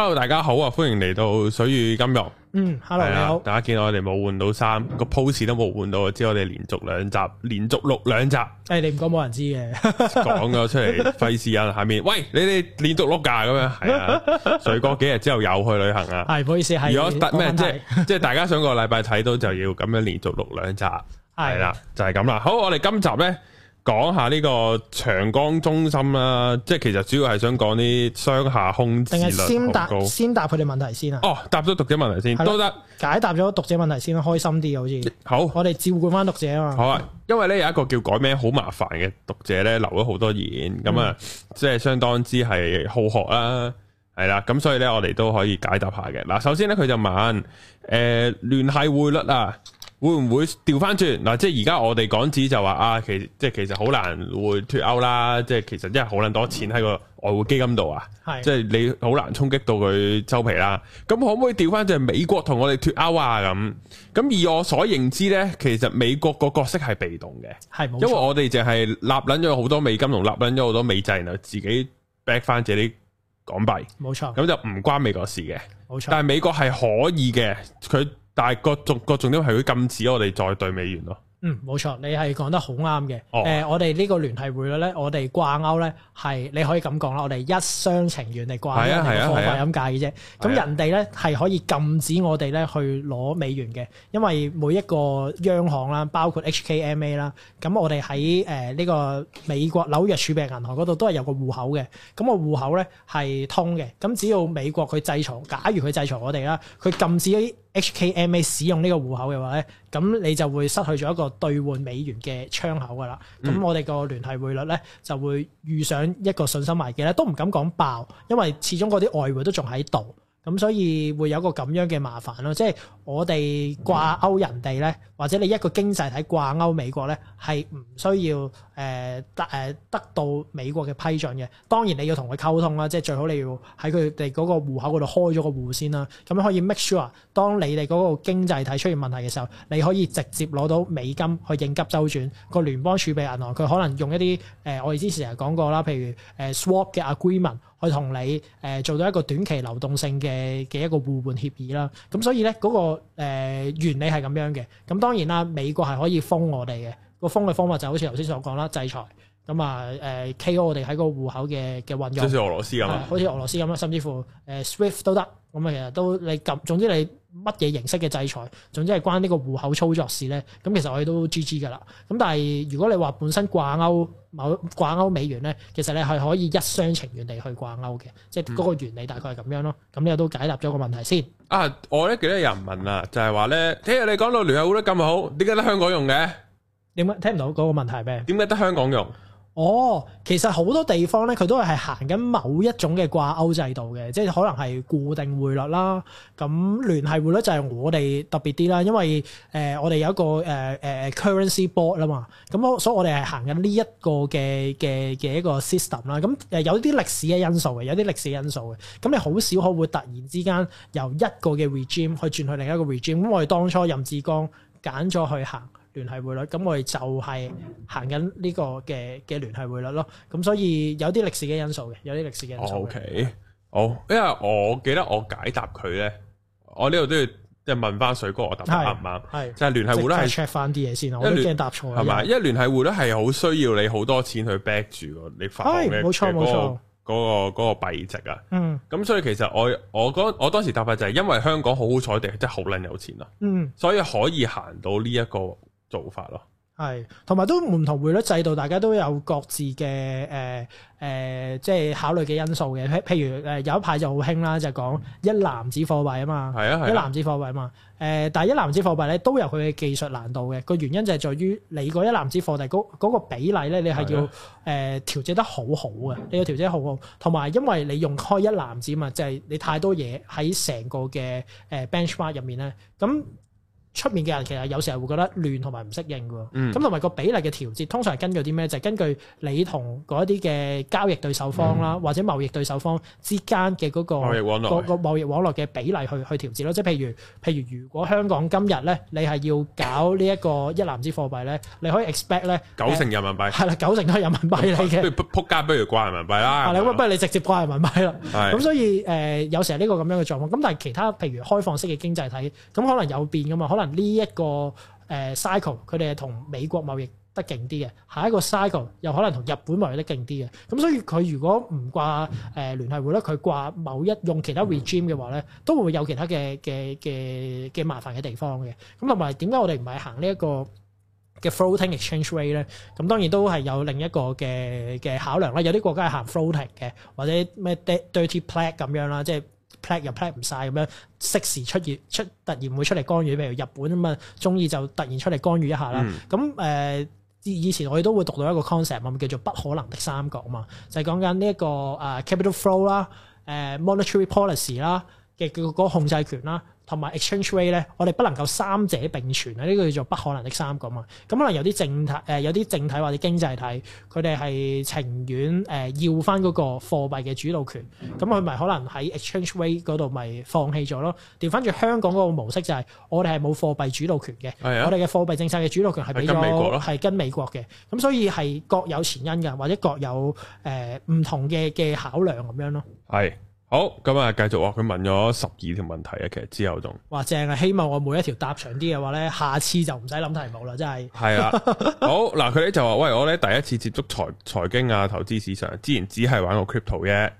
hello，大家好啊，歡迎嚟到水與金融。嗯，hello，你好。大家見到我哋冇換到衫，個 pose 都冇換到，知我哋連續兩集，連續錄兩集。誒，你唔講冇人知嘅，講咗出嚟，費事啊。下面，喂，你哋連續碌噶咁樣，係啊。水哥幾日之後又去旅行啊？係，唔好意思。如果咩即係即係大家上個禮拜睇到，就要咁樣連續錄兩集。係啦，就係咁啦。好，我哋今集咧。講下呢個長江中心啦，啊，即係其實主要係想講啲商廈空置率高定係先答先答佢哋問題先啊？哦，答咗讀者問題先都得。解答咗讀者問題先，開心啲好似好。我哋照顧翻讀者啊嘛。好啊，因為咧有一個叫改名好麻煩嘅讀者咧，留咗好多言，咁啊，嗯、即係相當之係好學啊，係啦，咁所以咧我哋都可以解答下嘅。嗱，首先咧佢就問，誒，呃，聯繫匯率啊？會唔會調翻轉嗱？即係而家我哋港紙就話啊，其即係其實好難會脫歐啦。即係其實真係好捻多錢喺個外匯基金度啊。係，即係你好難衝擊到佢收皮啦。咁可唔可以調翻就美國同我哋脫歐啊？咁咁以我所認知呢，其實美國個角色係被動嘅。係，因為我哋淨係立捻咗好多美金同立捻咗好多美債，然後自己 back 翻自己港幣。冇錯錯。咁就唔關美國事嘅。冇錯錯。但係美國係可以嘅，佢。但係逐重各重點，係會禁止我哋再兌美元咯。嗯，冇錯，你係講得好啱嘅。誒，我哋呢個聯繫匯率咧，我哋掛鈎咧係你可以咁講啦，我哋一廂情願嚟掛、啊啊啊、係咁解嘅啫。咁人哋咧係可以禁止我哋咧去攞美元嘅，啊、因為每一個央行啦，包括 HKMA 啦，咁我哋喺誒呢個美國紐約儲備銀行嗰度都係有個戶口嘅。咁個戶口咧係通嘅。咁只要美國佢制裁，假如佢制裁我哋啦，佢禁止 HKMA 使用呢個戶口嘅話咧，咁你就會失去咗一個兌換美元嘅窗口㗎啦。咁我哋個聯繫匯率咧就會遇上一個信心危機咧，都唔敢講爆，因為始終嗰啲外匯都仲喺度。咁所以會有個咁樣嘅麻煩咯，即係我哋掛鈎人哋咧，或者你一個經濟體掛鈎美國咧，係唔需要誒得誒得到美國嘅批准嘅。當然你要同佢溝通啦，即係最好你要喺佢哋嗰個戶口嗰度開咗個戶先啦。咁可以 make sure，當你哋嗰個經濟體出現問題嘅時候，你可以直接攞到美金去應急周轉。個聯邦儲備銀行佢可能用一啲誒，我哋之前成日講過啦，譬如誒 swap 嘅 agreement。去同你誒、呃、做到一個短期流動性嘅嘅一個互換協議啦，咁所以呢，嗰、嗰個、呃、原理係咁樣嘅，咁當然啦，美國係可以封我哋嘅，個封嘅方法就好似頭先所講啦，制裁。咁啊誒，KO 我哋喺個戶口嘅嘅運用，好似俄羅斯咁啊，好似俄羅斯咁啊，甚至乎誒 SWIFT 都得，咁啊其實都你撳，總之你乜嘢形式嘅制裁，總之係關呢個戶口操作事咧。咁其實我哋都 GG 噶啦。咁但係如果你話本身掛鈎某掛鈎美元咧，其實你係可以一廂情願地去掛鈎嘅，即係嗰個原理大概係咁樣咯。咁你都解答咗個問題先。啊，我咧幾多人問啊，就係話咧，聽日你講到聯匯好得咁好，點解得香港用嘅？點解聽唔到嗰個問題係咩？點解得香港用？哦，其實好多地方咧，佢都係行緊某一種嘅掛鈎制度嘅，即係可能係固定匯率啦，咁聯繫匯率就係我哋特別啲啦，因為誒、呃、我哋有一個誒誒、呃、currency board 啦嘛，咁我所以我哋係行緊呢一個嘅嘅嘅一個 system 啦，咁誒有啲歷史嘅因素嘅，有啲歷史因素嘅，咁你好少可會突然之間由一個嘅 regime 去轉去另一個 regime，咁我哋當初任志剛揀咗去行。聯繫匯率，咁我哋就係行緊呢個嘅嘅聯繫匯率咯，咁所以有啲歷史嘅因素嘅，有啲歷史嘅因素。O K，好，因為我記得我解答佢咧，我呢度都要即係問翻水哥，我答得啱唔啱？係就係聯繫匯率，係 check 翻啲嘢先，我驚答錯，係嘛？因為聯繫匯率係好需要你好多錢去 back 住個你發行嘅，冇錯、嗰個，冇錯、嗰個、嗰個幣值啊。嗯，咁所以其實我我嗰我，我當時答法就係因為香港好好彩地，即係好靚有錢啊。嗯，所以可以行到呢、這、一個做法咯，係同埋都唔同匯率制度，大家都有各自嘅誒誒，即係考慮嘅因素嘅。譬譬如誒有一派就好興啦，就係、是、講一籃子貨幣啊嘛，係啊、嗯，一籃子貨幣啊嘛。誒、嗯，但係一籃子貨幣咧都有佢嘅技術難度嘅。個原因就係在於你嗰一籃子貨幣嗰個比例咧，你係要誒、嗯呃、調整得好好嘅，你要調整好好。同埋因為你用開一籃子啊嘛，就係、是、你太多嘢喺成個嘅誒 benchmark 入面咧，咁。出面嘅人其實有時候會覺得亂同埋唔適應嘅，咁同埋個比例嘅調節通常係根據啲咩？就係根據你同嗰一啲嘅交易對手方啦，或者貿易對手方之間嘅嗰個貿易網絡嘅比例去去調節咯。即係譬如譬如，如果香港今日咧，你係要搞呢一個一籃子貨幣咧，你可以 expect 咧九成人民幣係啦，九成都係人民幣嚟嘅。不如撲街，不如掛人民幣啦。係啦，不如你直接掛人民幣啦。係咁，所以誒，有時係呢個咁樣嘅狀況。咁但係其他譬如開放式嘅經濟體，咁可能有變噶嘛，可能。呢一個誒 cycle，佢哋係同美國貿易得勁啲嘅，下一個 cycle 又可能同日本貿易得勁啲嘅。咁所以佢如果唔掛誒聯繫匯咧，佢掛某一用其他 regime 嘅話咧，都會有其他嘅嘅嘅嘅麻煩嘅地方嘅。咁同埋點解我哋唔係行呢一個嘅 floating exchange rate 咧？咁當然都係有另一個嘅嘅考量啦。有啲國家係行 floating 嘅，或者咩 dirty float 咁樣啦，即係。plan 又 plan 唔晒咁樣，適時出現出突然會出嚟干預，譬如日本咁啊，中意就突然出嚟干預一下啦。咁誒、嗯，以前我哋都會讀到一個 concept，叫做不可能的三角啊嘛，就係講緊呢一個誒 capital flow 啦、誒 monetary policy 啦嘅嗰個控制權啦。同埋 exchange rate 咧，我哋不能夠三者並存啊！呢個叫做不可能的三個嘛。咁、嗯、可能有啲政體誒，有啲政體或者經濟體，佢哋係情願誒要翻嗰個貨幣嘅主導權，咁佢咪可能喺 exchange rate 嗰度咪放棄咗咯？調翻轉香港嗰個模式就係、是，我哋係冇貨幣主導權嘅，的我哋嘅貨幣政策嘅主導權係俾咗係跟美國嘅，咁所以係各有前因嘅，或者各有誒唔、呃、同嘅嘅考量咁樣咯。係。好，咁啊，繼續啊，佢問咗十二條問題啊，其實之後仲，哇，正啊，希望我每一條答長啲嘅話咧，下次就唔使諗題目啦，真係。係啊， 好，嗱，佢咧就話，喂，我咧第一次接觸財財經啊，投資市場，之前只係玩個 crypto 啫，啊，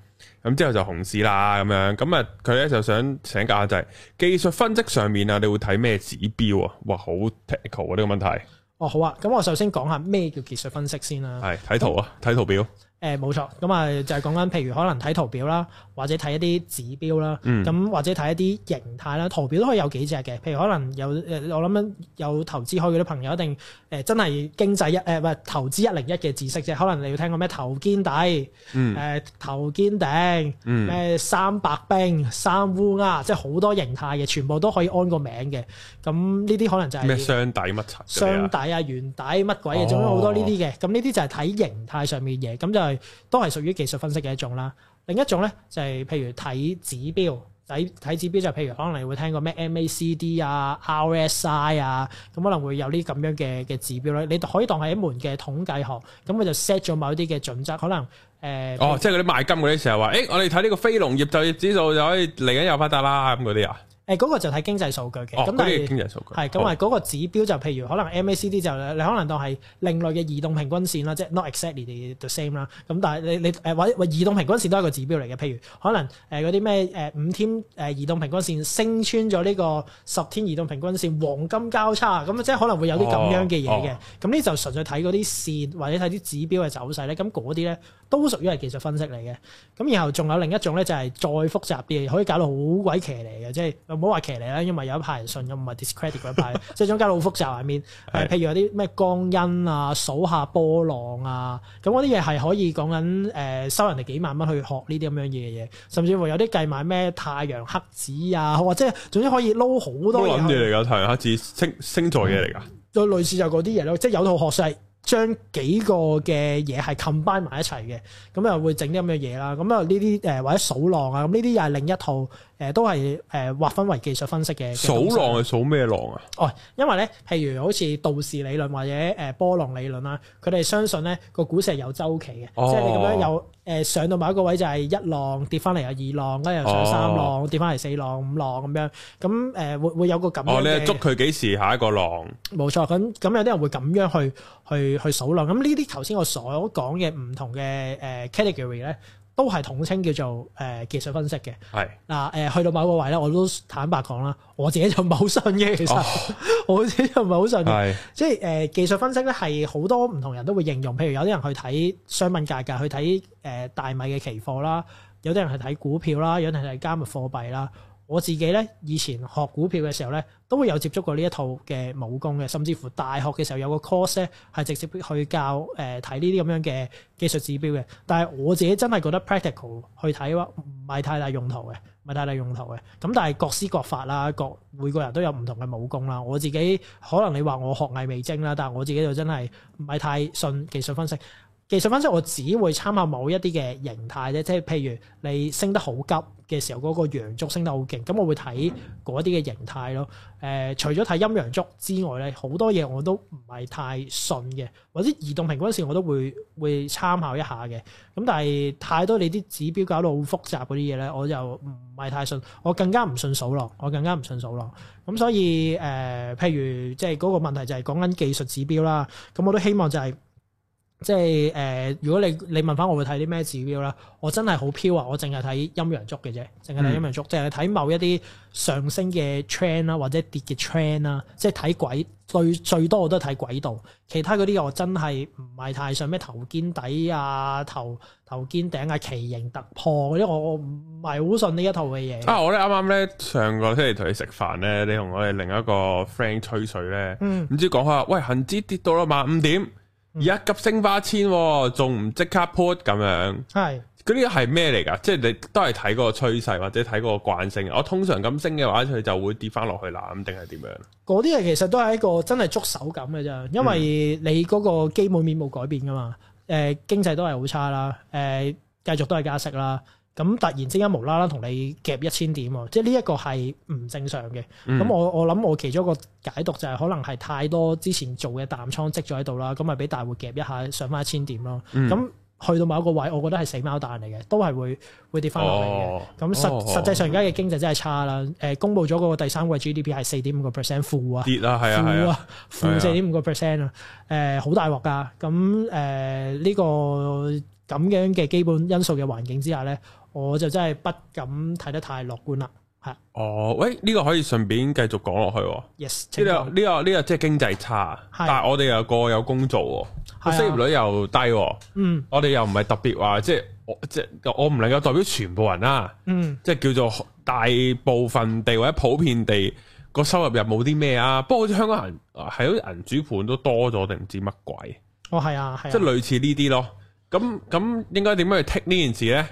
咁之後就熊市啦，咁樣，咁啊，佢咧就想請教下，就係、是、技術分析上面啊，你會睇咩指標啊？哇，好 technical 啊，呢個問題。哦，好啊，咁我首先講下咩叫技術分析先啦。係睇圖啊，睇圖，咁圖表。誒、冇錯，咁啊就係講緊，譬如可能睇圖表啦，或者睇一啲指標啦，咁、嗯、或者睇一啲形態啦。圖表都可以有幾隻嘅，譬如可能有誒，我諗有投資開嗰啲朋友一定誒、欸、真係經濟一誒唔係、欸、投資一零一嘅知識啫。可能你要聽過咩頭肩底，誒、嗯、頭肩頂，咩三白兵、三烏鴉，即係好多形態嘅，全部都可以安個名嘅。咁呢啲可能就係、是、咩雙底乜柒，雙底啊、圓底乜鬼嘢，總之好多呢啲嘅。咁呢啲就係睇形態上面嘅嘢，咁就。係都係屬於技術分析嘅一種啦。另一種咧就係、是、譬如睇指標，睇睇指標就譬如可能你會聽過咩 MACD 啊、RSI 啊，咁、嗯、可能會有呢咁樣嘅嘅指標咧。你可以當係一門嘅統計學，咁佢就 set 咗某一啲嘅準則，可能誒、呃、哦，如即係嗰啲賣金嗰啲時候話，誒、欸、我哋睇呢個非農業就業指數就可以嚟緊有發達啦咁嗰啲啊。誒嗰個就睇經濟數據嘅，咁、哦、但係係咁啊嗰個指標就譬如可能 MACD 就你可能當係另類嘅移動平均線啦，即、就、係、是、not exactly the same 啦。咁但係你你誒或者移動平均線都係一個指標嚟嘅，譬如可能誒嗰啲咩誒五天誒移動平均線升穿咗呢個十天移動平均線黃金交叉咁、嗯、即係可能會有啲咁樣嘅嘢嘅。咁呢、啊啊、就純粹睇嗰啲線或者睇啲指標嘅走勢咧。咁嗰啲咧都屬於係技術分析嚟嘅。咁然後仲有另一種咧就係再複雜啲，可以搞到好鬼騎嚟嘅，即、就、係、是。唔好話騎呢，啦，因為有一派人信，咁唔係 discredit 嗰派， 即係中間老複雜入面。誒、 呃，譬如有啲咩江恩啊、數下波浪啊，咁嗰啲嘢係可以講緊誒收人哋幾萬蚊去學呢啲咁樣嘢嘅嘢，甚至乎有啲計埋咩太陽黑子啊，或者總之可以撈好多。諗住嚟噶太陽黑子星星座嘢嚟噶，就類似就嗰啲嘢咯，即係有套學勢。將幾個嘅嘢係 combine 埋一齊嘅，咁又會整啲咁嘅嘢啦。咁啊呢啲誒或者數浪啊，咁呢啲又係另一套誒，都係誒劃分為技術分析嘅。數浪係數咩浪啊？哦，因為咧，譬如好似道氏理論或者誒波浪理論啦，佢哋相信咧個股市係有週期嘅，即係你咁樣有誒上到某一個位就係一浪，跌翻嚟有二浪，跟住又上三浪，跌翻嚟四浪、五浪咁樣，咁誒會會有個咁。哦，你係捉佢幾時下一個浪？冇錯，咁咁有啲人會咁樣去。去去數量，咁呢啲頭先我所講嘅唔同嘅誒 category 咧，都係統稱叫做誒技術分析嘅。係嗱誒，去到某個位咧，我都坦白講啦，我自己就唔係好信嘅。其實、哦、我自己就唔係好信。係是即係誒技術分析咧，係好多唔同人都會應用。譬如有啲人去睇商品價格，去睇誒大米嘅期貨啦；有啲人係睇股票啦；有啲人係睇加密貨幣啦。我自己咧，以前學股票嘅時候咧，都會有接觸過呢一套嘅武功嘅，甚至乎大學嘅時候有個 course 咧係直接去教誒睇呢啲咁樣嘅技術指標嘅。但係我自己真係覺得 practical 去睇話，唔係太大用途嘅，唔係太大用途嘅。咁但係各施各法啦，各每個人都有唔同嘅武功啦。我自己可能你話我學藝未精啦，但係我自己就真係唔係太信技術分析。技術分析我只會參考某一啲嘅形態啫，即係譬如你升得好急嘅時候，嗰、那個陽燭升得好勁，咁我會睇嗰啲嘅形態咯。誒、呃，除咗睇陰陽燭之外咧，好多嘢我都唔係太信嘅，或者移動平均線我都會會參考一下嘅。咁但係太多你啲指標搞到好複雜嗰啲嘢咧，我就唔係太信。我更加唔信數浪，我更加唔信數浪。咁所以誒、呃，譬如即係嗰個問題就係講緊技術指標啦。咁我都希望就係、是。即係誒、呃，如果你你問翻我，我會睇啲咩指標啦？我真係好飄啊！我淨係睇陰陽足嘅啫，淨係睇陰陽足，淨係睇某一啲上升嘅 trend 啦，或者跌嘅 trend 啦，即係睇軌，最最多我都係睇軌道，其他嗰啲我真係唔係太信咩頭肩底啊、頭頭肩頂啊、奇形突破嗰啲，因為我我唔係好信呢一套嘅嘢。啊！我咧啱啱咧上個星期同你食飯咧，你同我哋另一個 friend 吹水咧，唔、嗯、知講下，喂恒指跌到落萬五點。而家急升八千，仲唔即刻 put 咁樣？係，嗰啲係咩嚟噶？即係你都係睇嗰個趨勢或者睇嗰個慣性。我通常咁升嘅話，佢就會跌翻落去啦，定係點樣？嗰啲係其實都係一個真係捉手感嘅啫，因為你嗰個基本面冇改變噶嘛。誒、呃，經濟都係好差啦。誒、呃，繼續都係加息啦。咁突然之間無啦啦同你夾一千點喎，即係呢一個係唔正常嘅。咁我我諗我其中一個解讀就係可能係太多之前做嘅淡倉積咗喺度啦，咁咪俾大戶夾一下上翻一千點咯。咁去到某一個位，我覺得係死貓彈嚟嘅，都係會會跌翻落嚟嘅。咁實實際上而家嘅經濟真係差啦。誒，公布咗嗰個第三季 GDP 係四點五個 percent 負啊，跌啊，係啊，負啊，負四點五個 percent 啊。誒，好大鑊㗎。咁誒呢個咁樣嘅基本因素嘅環境之下咧。我就真係不敢睇得太樂觀啦，係哦。喂，呢個可以順便繼續講落去喎。Yes，呢個呢個呢個即係經濟差，但係我哋又個有工做喎，失業率又低喎。嗯，我哋又唔係特別話，即係我即係我唔能夠代表全部人啦。嗯，即係叫做大部分地或者普遍地個收入入冇啲咩啊。不過好似香港人係好似銀主盤都多咗定唔知乜鬼哦，係啊，係即係類似呢啲咯。咁咁應該點樣去 take 呢件事咧？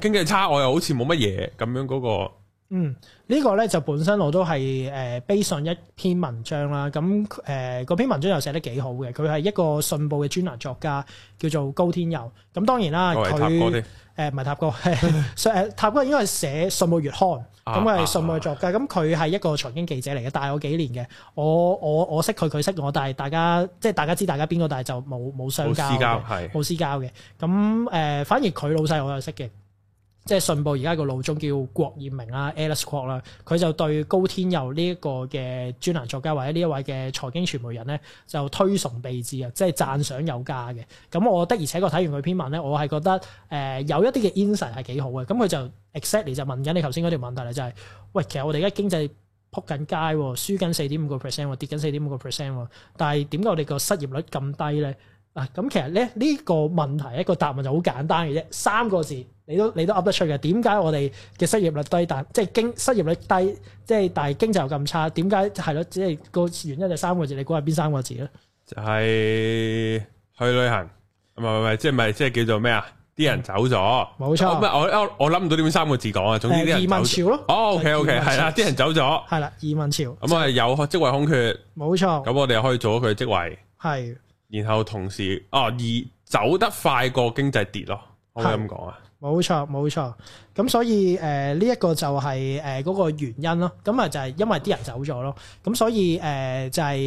經濟差我又好似冇乜嘢咁樣嗰、那個，嗯、這個、呢個咧就本身我都係誒背上一篇文章啦，咁誒、呃、篇文章又寫得幾好嘅。佢係一個信報嘅專欄作家叫做高天佑，咁當然啦佢誒唔係塔哥，誒 塔哥應該係寫信報月刊，咁佢係信報嘅作家，咁佢係一個財經記者嚟嘅，大我幾年嘅，我我我，我識佢，佢識我，但係大家即係大家知大家邊個，但係就冇冇相交，係冇私交嘅，咁誒對 反而佢老細我又識嘅。即係信報而家個老總叫郭艷明啦，Alice Kwok 啦，佢就對高天佑呢一個嘅專欄作家或者呢一位嘅財經傳媒人咧，就推崇備至啊，即係讚賞有加嘅。咁我覺得，而且我睇完佢篇文咧，我係覺得誒有一啲嘅 insight 係幾好嘅。咁佢就 exactly 就問緊你頭先嗰條問題啦，就係喂，其實我哋而家經濟撲緊街，輸緊四點五個 percent 喎，跌緊四點五個 percent 喎，但係點解我哋個失業率咁低咧？啊，咁其實咧呢個問題一個答案就好簡單嘅啫，三個字。你都你都噏得出嘅。點解我哋嘅失、即係、失業率低，但即係經失業率低，即係但係經濟又咁差，點解係咯？只係個原因就三個字，你估下邊三個字咧？就係去旅行，唔係唔係，即係唔係即係叫做咩啊？啲人走咗，冇錯。我我諗唔到點樣三個字講啊。總之啲人走移民、呃、潮咯。O K O K，係啦，啲、okay, okay, 人走咗，係啦，移民潮咁我哋有職位空缺，冇錯。咁我哋可以做到佢嘅職位，係的。然後同時啊、哦，而走得快過經濟跌咯，可唔可以咁講啊？冇錯，冇錯。咁所以誒呢一個就係誒嗰個原因咯，咁啊就係因為啲人走咗咯，咁所以誒、呃、就係、是、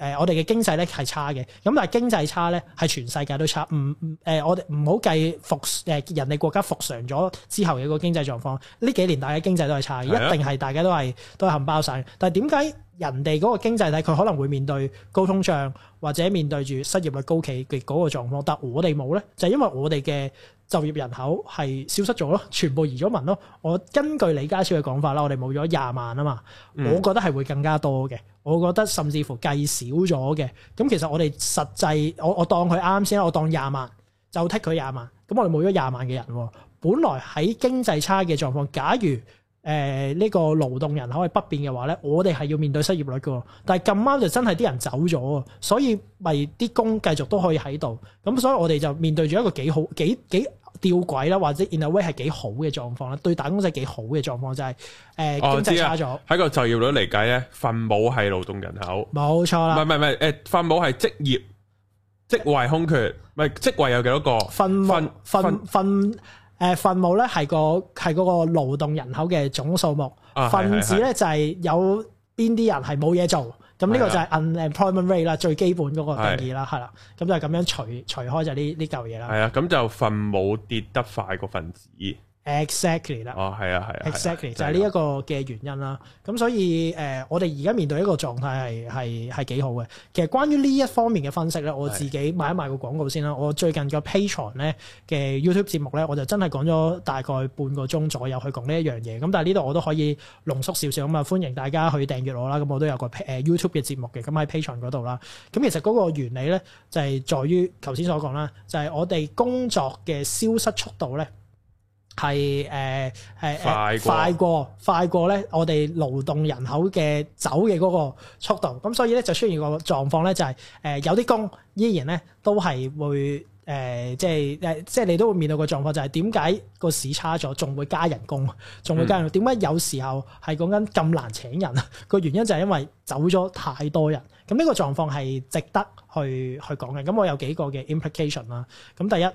誒、呃、我哋嘅經濟咧係差嘅，咁但係經濟差咧係全世界都差，唔唔、呃、我哋唔好計復誒人哋國家復常咗之後嘅個經濟狀況，呢幾年大家經濟都係差，的一定係大家都係都係冚包晒。但係點解人哋嗰個經濟體佢可能會面對高通脹或者面對住失業率高企嘅嗰個狀況，但我哋冇咧，就係、因為我哋嘅就業人口係消失咗咯，全部。移咗民咯，我根據李家超嘅講法啦，我哋冇咗廿萬啊嘛，我覺得係會更加多嘅，我覺得甚至乎計少咗嘅。咁其實我哋實際，我我當佢啱先，我當廿萬就剔佢廿萬，咁我哋冇咗廿萬嘅人。本來喺經濟差嘅狀況，假如誒呢個勞動人口係不變嘅話咧，我哋係要面對失業率㗎。但係咁啱就真係啲人走咗，所以咪啲工繼續都可以喺度。咁所以我哋就面對住一個幾好幾幾。吊詭啦，或者 in a way 係幾好嘅狀況啦，對打工仔幾好嘅狀況就係，誒、呃、經濟差咗。喺、哦、個就業率嚟計咧，分母係勞動人口，冇錯啦。唔係唔係誒，分母係職業職位空缺，唔係、呃、職位有幾多個？份份份份誒分母咧係訓、嗰個係嗰個勞動人口嘅總數目，啊、分子咧就係有邊啲人係冇嘢做。咁呢個就係 unemployment rate 啦，啊、最基本嗰個定義啦，係啦，咁就係咁樣除除開就係呢呢嚿嘢啦。係啊，咁、啊啊、就分母跌得快過分子。exactly 啦、哦，哦係啊係啊，exactly 就係呢一個嘅原因啦。咁、啊、所以誒、呃，我哋而家面對一個狀態係係係幾好嘅。其實關於呢一方面嘅分析咧，我自己賣一賣個廣告先啦。是我最近嘅 Patreon 咧嘅 YouTube 節目咧，我就真係講咗大概半個鐘左右去講呢一樣嘢。咁但係呢度我都可以濃縮少少咁啊，歡迎大家去訂閱我啦。咁我都有個誒 YouTube 嘅節目嘅，咁喺 Patreon 嗰度啦。咁其實嗰個原理咧就係、是、在於頭先所講啦，就係、是、我哋工作嘅消失速度咧。係誒誒快過快過咧，我哋勞動人口嘅走嘅嗰個速度，咁所以咧就出現個狀況咧、就係，就係誒有啲工依然咧都係會誒即係誒即係你都會面到個狀況，就係點解個市差咗，仲會加人工，仲會加人工？點解、嗯、有時候係講緊咁難請人？個原因就係因為走咗太多人，咁呢個狀況係值得去去講嘅。咁我有幾個嘅 implication 啦。咁第一。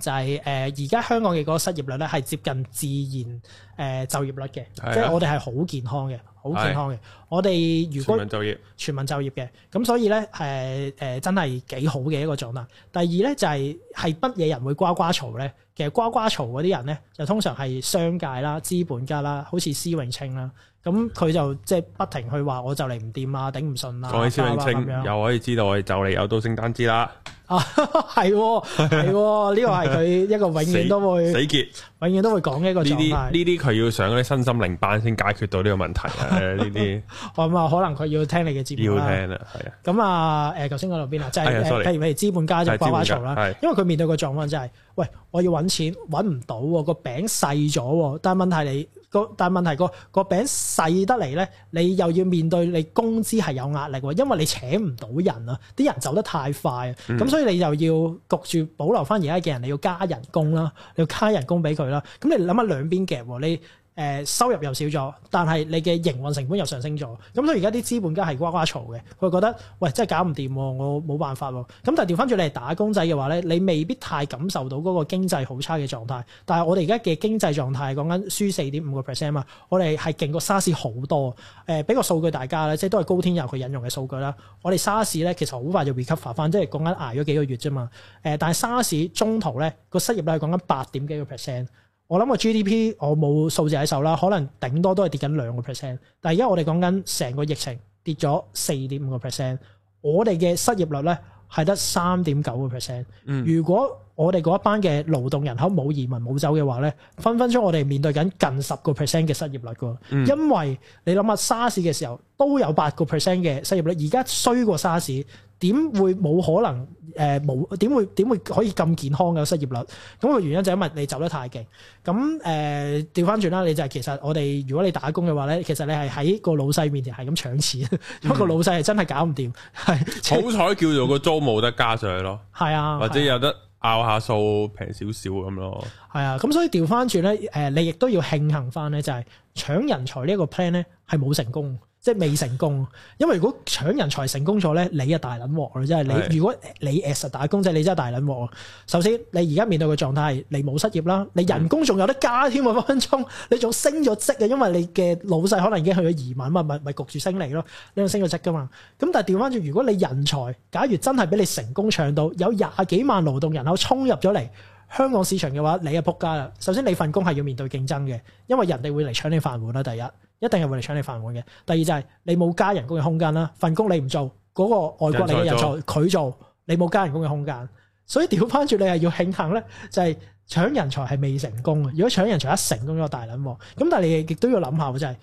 就係誒而家香港嘅嗰個失業率咧，係接近自然誒、呃、就業率嘅，即係的我哋係好健康嘅，好健康嘅。的我哋如果全民就業，全民就業嘅，咁所以咧誒誒真係幾好嘅一個狀態。第二咧就係係乜嘢人會呱呱嘈咧？其實呱呱嘈嗰啲人咧，就通常係商界啦、資本家啦，好似施永青啦。咁佢就即係不停去話，我就嚟唔掂啊，頂唔順啦。講起肖永清，又可以知道我哋就嚟有到聖誕節啦。啊，係，係，呢個係佢一個永遠都會死結，永遠都會講嘅一個狀態。呢啲呢啲佢要上啲身心靈班先解決到呢個問題。呢啲咁啊，可能佢要聽你嘅節目要聽啦，係啊。咁啊，誒，頭先講到邊啊？即係譬如係資本家就瓜瓜嘈啦。因為佢面對個狀況就係，喂，我要搵錢，搵唔到，個餅細咗，但係問題你。個但係問題個個餅細得嚟咧，你又要面對你工資係有壓力喎，因為你請唔到人啊，啲人走得太快啊，咁、嗯、所以你又要焗住保留翻而家嘅人，你要加人工啦，你要加人工俾佢啦，咁你諗下兩邊夾你，誒收入又少咗，但係你嘅營運成本又上升咗，咁所以而家啲資本家係呱呱嘈嘅，佢覺得喂真係搞唔掂喎，我冇辦法喎、啊。咁但係調翻轉你係打工仔嘅話咧，你未必太感受到嗰個經濟好差嘅狀態。但係我哋而家嘅經濟狀態講緊輸四點五個 percent 啊，我哋係勁過沙士好多。誒、呃，俾個數據大家啦，即係都係高天佑佢引用嘅數據啦。我哋沙士咧其實好快就 recover 翻，即係講緊捱咗幾個月啫嘛。誒、呃，但係沙士中途咧個失業率講緊八點幾個 percent。我諗個 GDP 我冇數字喺手啦，可能頂多都係跌緊兩個 percent。但係而家我哋講緊成個疫情跌咗四點五個 percent。我哋嘅失業率咧係得三點九個 percent。如果我哋嗰一班嘅勞動人口冇移民冇走嘅話咧，分分鐘我哋面對緊近十個 percent 嘅失業率噶。因為你諗下沙士嘅時候都有八個 percent 嘅失業率，而家衰過沙士。點會冇可能？誒冇點會點會可以咁健康嘅失業率？咁個原因就因為你走得太勁。咁誒調翻轉啦，你就係其實我哋如果你打工嘅話咧，其實你係喺個老細面前係咁搶錢，嗯、不過老細係真係搞唔掂。係好彩叫做個租冇得加上去咯。係啊，或者有得拗下數平少少咁咯。係啊，咁所以調翻轉咧，誒你亦都要慶幸翻、就、咧、係，就係搶人才呢一個 plan 咧係冇成功。即係未成功，因為如果搶人才成功咗呢，你係大撚鑊咯，即係你，如果你實打工仔，即係你真係大撚鑊。首先，你而家面對嘅狀態係你冇失業啦，你人工仲有得加添啊，分分鐘你仲升咗職啊，因為你嘅老細可能已經去咗移民啊嘛，咪咪焗住升你咯，你升咗職噶嘛。咁但係調翻轉，如果你人才假如真係俾你成功搶到，有廿幾萬勞動人口衝入咗嚟香港市場嘅話，你係仆街啦。首先，你份工係要面對競爭嘅，因為人哋會嚟搶你飯碗啦。第一。一定係會嚟搶你飯碗嘅。第二就係你冇加人工嘅空間啦，份工你唔做，嗰個外國嚟嘅人才佢做，你冇加人工嘅空間。所以調翻轉，你係要慶幸咧，就係搶人才係未成功嘅。如果搶人才一成功咗，大捻鑊。咁但係你亦都要諗下，就係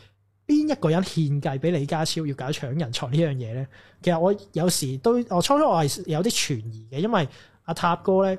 邊一個人獻計俾李家超要搞搶人才呢樣嘢咧？其實我有時都，我初初我係有啲存疑嘅，因為阿塔哥咧。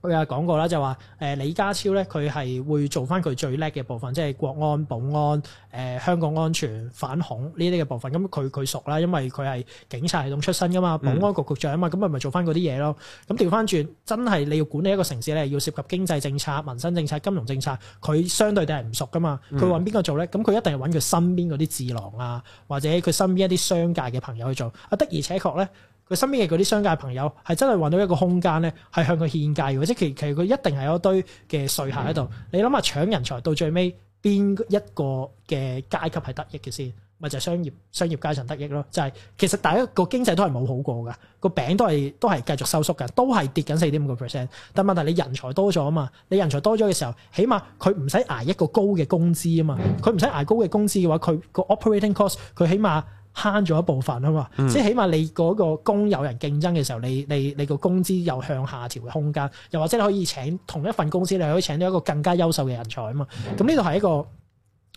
佢又講過啦，就話誒李家超咧，佢係會做翻佢最叻嘅部分，即係國安、保安、誒、呃、香港安全、反恐呢啲嘅部分。咁佢佢熟啦，因為佢係警察系統出身噶嘛，保安局局長啊嘛，咁咪咪做翻嗰啲嘢咯。咁調翻轉，真係你要管理一個城市咧，要涉及經濟政策、民生政策、金融政策，佢相對地係唔熟噶嘛。佢揾邊個做咧？咁佢一定係揾佢身邊嗰啲智囊啊，或者佢身邊一啲商界嘅朋友去做。啊，的而且確咧。佢身邊嘅嗰啲商界朋友係真係揾到一個空間咧，係向佢獻計，即係其其實佢一定係有一堆嘅稅客喺度。你諗下搶人才到最尾，邊一個嘅階級係得益嘅先？咪就係商業商業階層得益咯。就係其實大家個經濟都係冇好過㗎，個餅都係都係繼續收縮㗎，都係跌緊四點五個 percent。但問題你人才多咗啊嘛，你人才多咗嘅時候，起碼佢唔使捱一個高嘅工資啊嘛。佢唔使捱高嘅工資嘅話，佢個 operating cost 佢起碼，慳咗一部分啊嘛，即係、嗯、起碼你嗰個工有人競爭嘅時候，你你你個工資又向下調嘅空間，又或者你可以請同一份工資你可以請到一個更加優秀嘅人才啊嘛，咁呢度係一個誒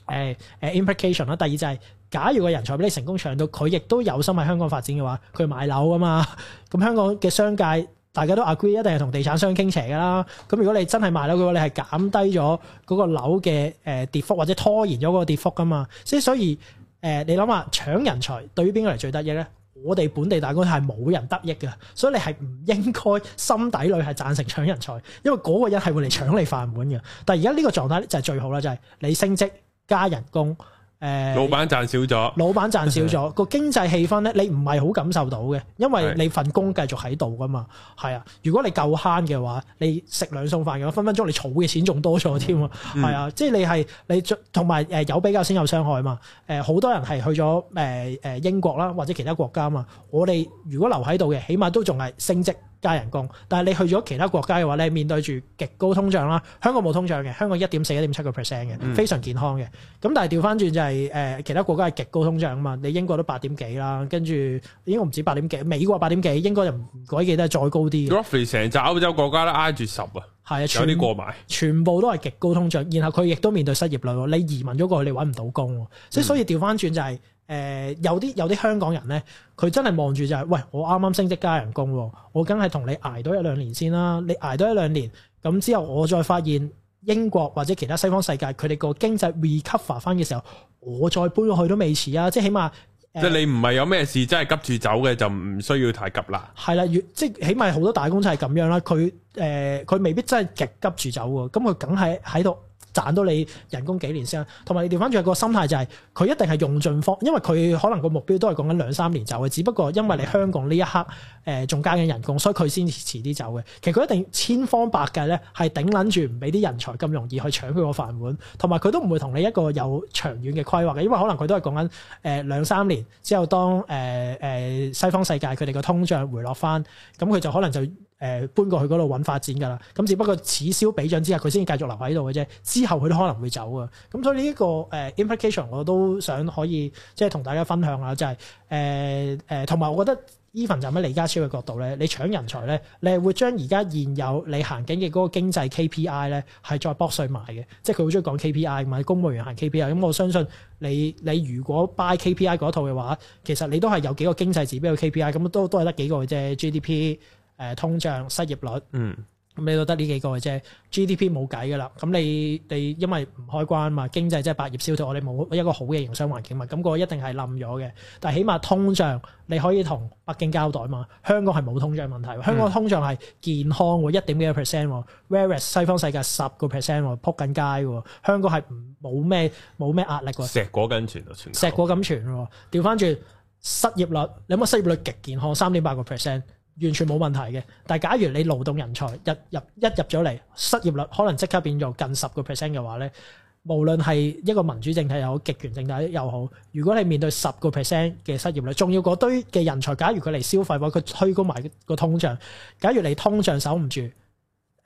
誒 implication 啦。呃呃、第二就係、是，假如個人才俾你成功搶到，佢亦都有心喺香港發展嘅話，佢買樓啊嘛，咁香港嘅商界大家都 agree 一定係同地產商傾斜噶啦。咁如果你真係買樓嘅話，你係減低咗嗰個樓嘅誒跌幅，或者拖延咗嗰個跌幅噶嘛，即係所以。誒、呃，你諗下搶人才對於邊個嚟最得益呢？我哋本地打工係冇人得益嘅，所以你係唔應該心底裏係贊成搶人才，因為嗰個人係會嚟搶你飯碗嘅。但係而家呢個狀態就係最好啦，就係、是、你升職加人工。誒，老闆賺少咗，老闆賺少咗，個 經濟氣氛咧，你唔係好感受到嘅，因為你份工繼續喺度噶嘛，係啊。如果你夠慳嘅話，你食兩餸飯嘅話，分分鐘你儲嘅錢仲多咗添，係、嗯、啊。嗯、即係你係你同埋誒有比較先有傷害嘛。誒，好多人係去咗誒誒英國啦，或者其他國家啊嘛。我哋如果留喺度嘅，起碼都仲係升職。加人工，但係你去咗其他國家嘅話，你面對住極高通脹啦。香港冇通脹嘅，香港一點四、一點七個 percent 嘅，非常健康嘅。咁但係調翻轉就係、是、誒、呃，其他國家係極高通脹啊嘛。你英國都八點幾啦，跟住英國唔止八點幾，美國八點幾，英國就唔改啲嘅都係再高啲。羅飛成歐洲國家都挨住十啊，係啊，有啲過埋，全部都係極高通脹，然後佢亦都面對失業率喎。你移民咗過去，你揾唔到工喎，即係所以調翻轉就係、是。嗯誒有啲有啲香港人咧，佢真係望住就係，喂！我啱啱升職加人工喎，我梗係同你捱多一兩年先啦。你捱多一兩年，咁之後我再發現英國或者其他西方世界佢哋個經濟 recover 翻嘅時候，我再搬去都未遲啊！即係起碼即係你唔係有咩事，真係急住走嘅就唔需要太急啦。係啦，越即係起碼好多打工仔係咁樣啦。佢誒佢未必真係極急住走喎，咁佢梗係喺度。賺到你人工幾年先，同埋你調翻轉個心態就係、是、佢一定係用盡方，因為佢可能個目標都係講緊兩三年走嘅，只不過因為你香港呢一刻誒仲、呃、加緊人工，所以佢先遲啲走嘅。其實佢一定千方百計咧，係頂撚住唔俾啲人才咁容易去搶佢個飯碗，同埋佢都唔會同你一個有長遠嘅規劃嘅，因為可能佢都係講緊誒兩三年之後，當誒誒、呃呃、西方世界佢哋個通脹回落翻，咁佢就可能就。誒搬過去嗰度揾發展㗎啦，咁只不過此消彼長之下，佢先繼續留喺度嘅啫。之後佢都可能會走嘅，咁、嗯、所以呢、這個誒 implication、呃、我都想可以即係同大家分享下，就係誒誒，同、呃、埋、呃、我覺得 even 就喺李家超嘅角度咧，你搶人才咧，你係會將而家現有你行緊嘅嗰個經濟 KPI 咧係再剝碎埋嘅，即係佢好中意講 KPI，咪公務員行 KPI，咁、嗯、我相信你你如果 buy KPI 嗰套嘅話，其實你都係有幾個經濟指標 KPI，咁、嗯、都都係得幾個嘅啫 GDP。誒通脹、失業率，嗯，咁你都得呢幾個嘅啫。G D P 冇計噶啦，咁你你因為唔開關嘛，經濟即係百業蕭條，我哋冇一個好嘅營商環境嘛，咁個一定係冧咗嘅。但係起碼通脹你可以同北京交代嘛。香港係冇通脹問題，香港通脹係健康喎，一點幾個 percent。versus 西方世界十個 percent，仆緊街嘅。香港係冇咩冇咩壓力喎，石果金全咯，全石果金全咯。調翻轉失業率，你有冇失業率極健康，三點八個 percent。完全冇問題嘅，但係假如你勞動人才入入一入咗嚟，失業率可能即刻變咗近十個 percent 嘅話呢，無論係一個民主政體又好，極權政體又好，如果你面對十個 percent 嘅失業率，仲要嗰堆嘅人才，假如佢嚟消費，佢推高埋個通脹，假如你通脹守唔住。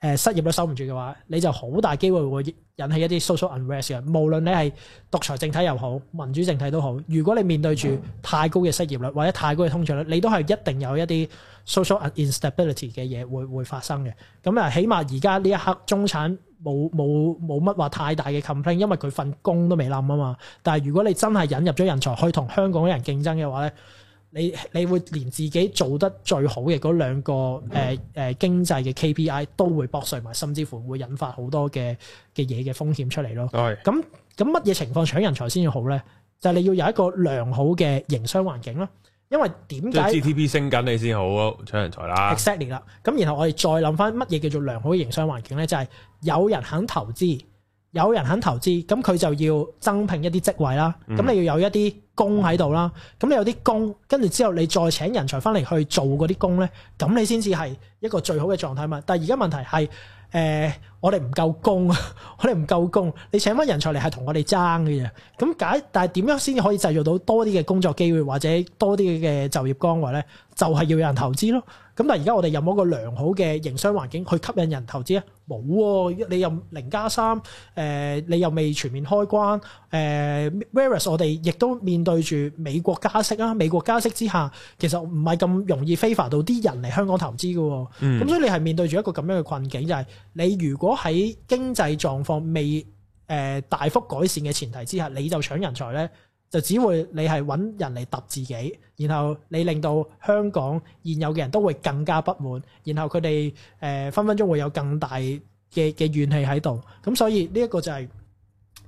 誒失業率收唔住嘅話，你就好大機會會引起一啲 social unrest 嘅。無論你係獨裁政體又好，民主政體都好，如果你面對住太高嘅失業率或者太高嘅通脹率，你都係一定有一啲 social instability 嘅嘢會會發生嘅。咁啊，起碼而家呢一刻中產冇冇冇乜話太大嘅 complain，因為佢份工都未冧啊嘛。但係如果你真係引入咗人才去同香港啲人競爭嘅話咧，你你會連自己做得最好嘅嗰兩個誒誒、呃、經濟嘅 KPI 都會博衰埋，甚至乎會引發好多嘅嘅嘢嘅風險出嚟咯。係咁咁乜嘢情況搶人才先至好咧？就係、是、你要有一個良好嘅營商環境咯。因為點解 GDP 升緊你先好搶人才啦？Exactly 啦。咁然後我哋再諗返乜嘢叫做良好嘅營商環境咧？就係、是、有人肯投資。有人肯投資，咁佢就要增聘一啲職位啦。咁你要有一啲工喺度啦。咁你有啲工，跟住之後你再請人才翻嚟去做嗰啲工呢。咁你先至係一個最好嘅狀態嘛。但係而家問題係。誒、呃，我哋唔夠工， 我哋唔夠工，你請翻人才嚟係同我哋爭嘅啫。咁解，但係點樣先至可以製造到多啲嘅工作機會或者多啲嘅就業崗位咧？就係、是、要有人投資咯。咁但係而家我哋有冇一個良好嘅營商環境去吸引人投資啊？冇，你又零加三，誒、呃，你又未全面開關，誒、呃、various，我哋亦都面對住美國加息啊。美國加息之下，其實唔係咁容易非法到啲人嚟香港投資嘅。咁、嗯、所以你係面對住一個咁樣嘅困境，就係、是。你如果喺經濟狀況未誒、呃、大幅改善嘅前提之下，你就搶人才咧，就只會你係揾人嚟揼自己，然後你令到香港現有嘅人都會更加不滿，然後佢哋誒分分鐘會有更大嘅嘅怨氣喺度。咁所以呢一個就係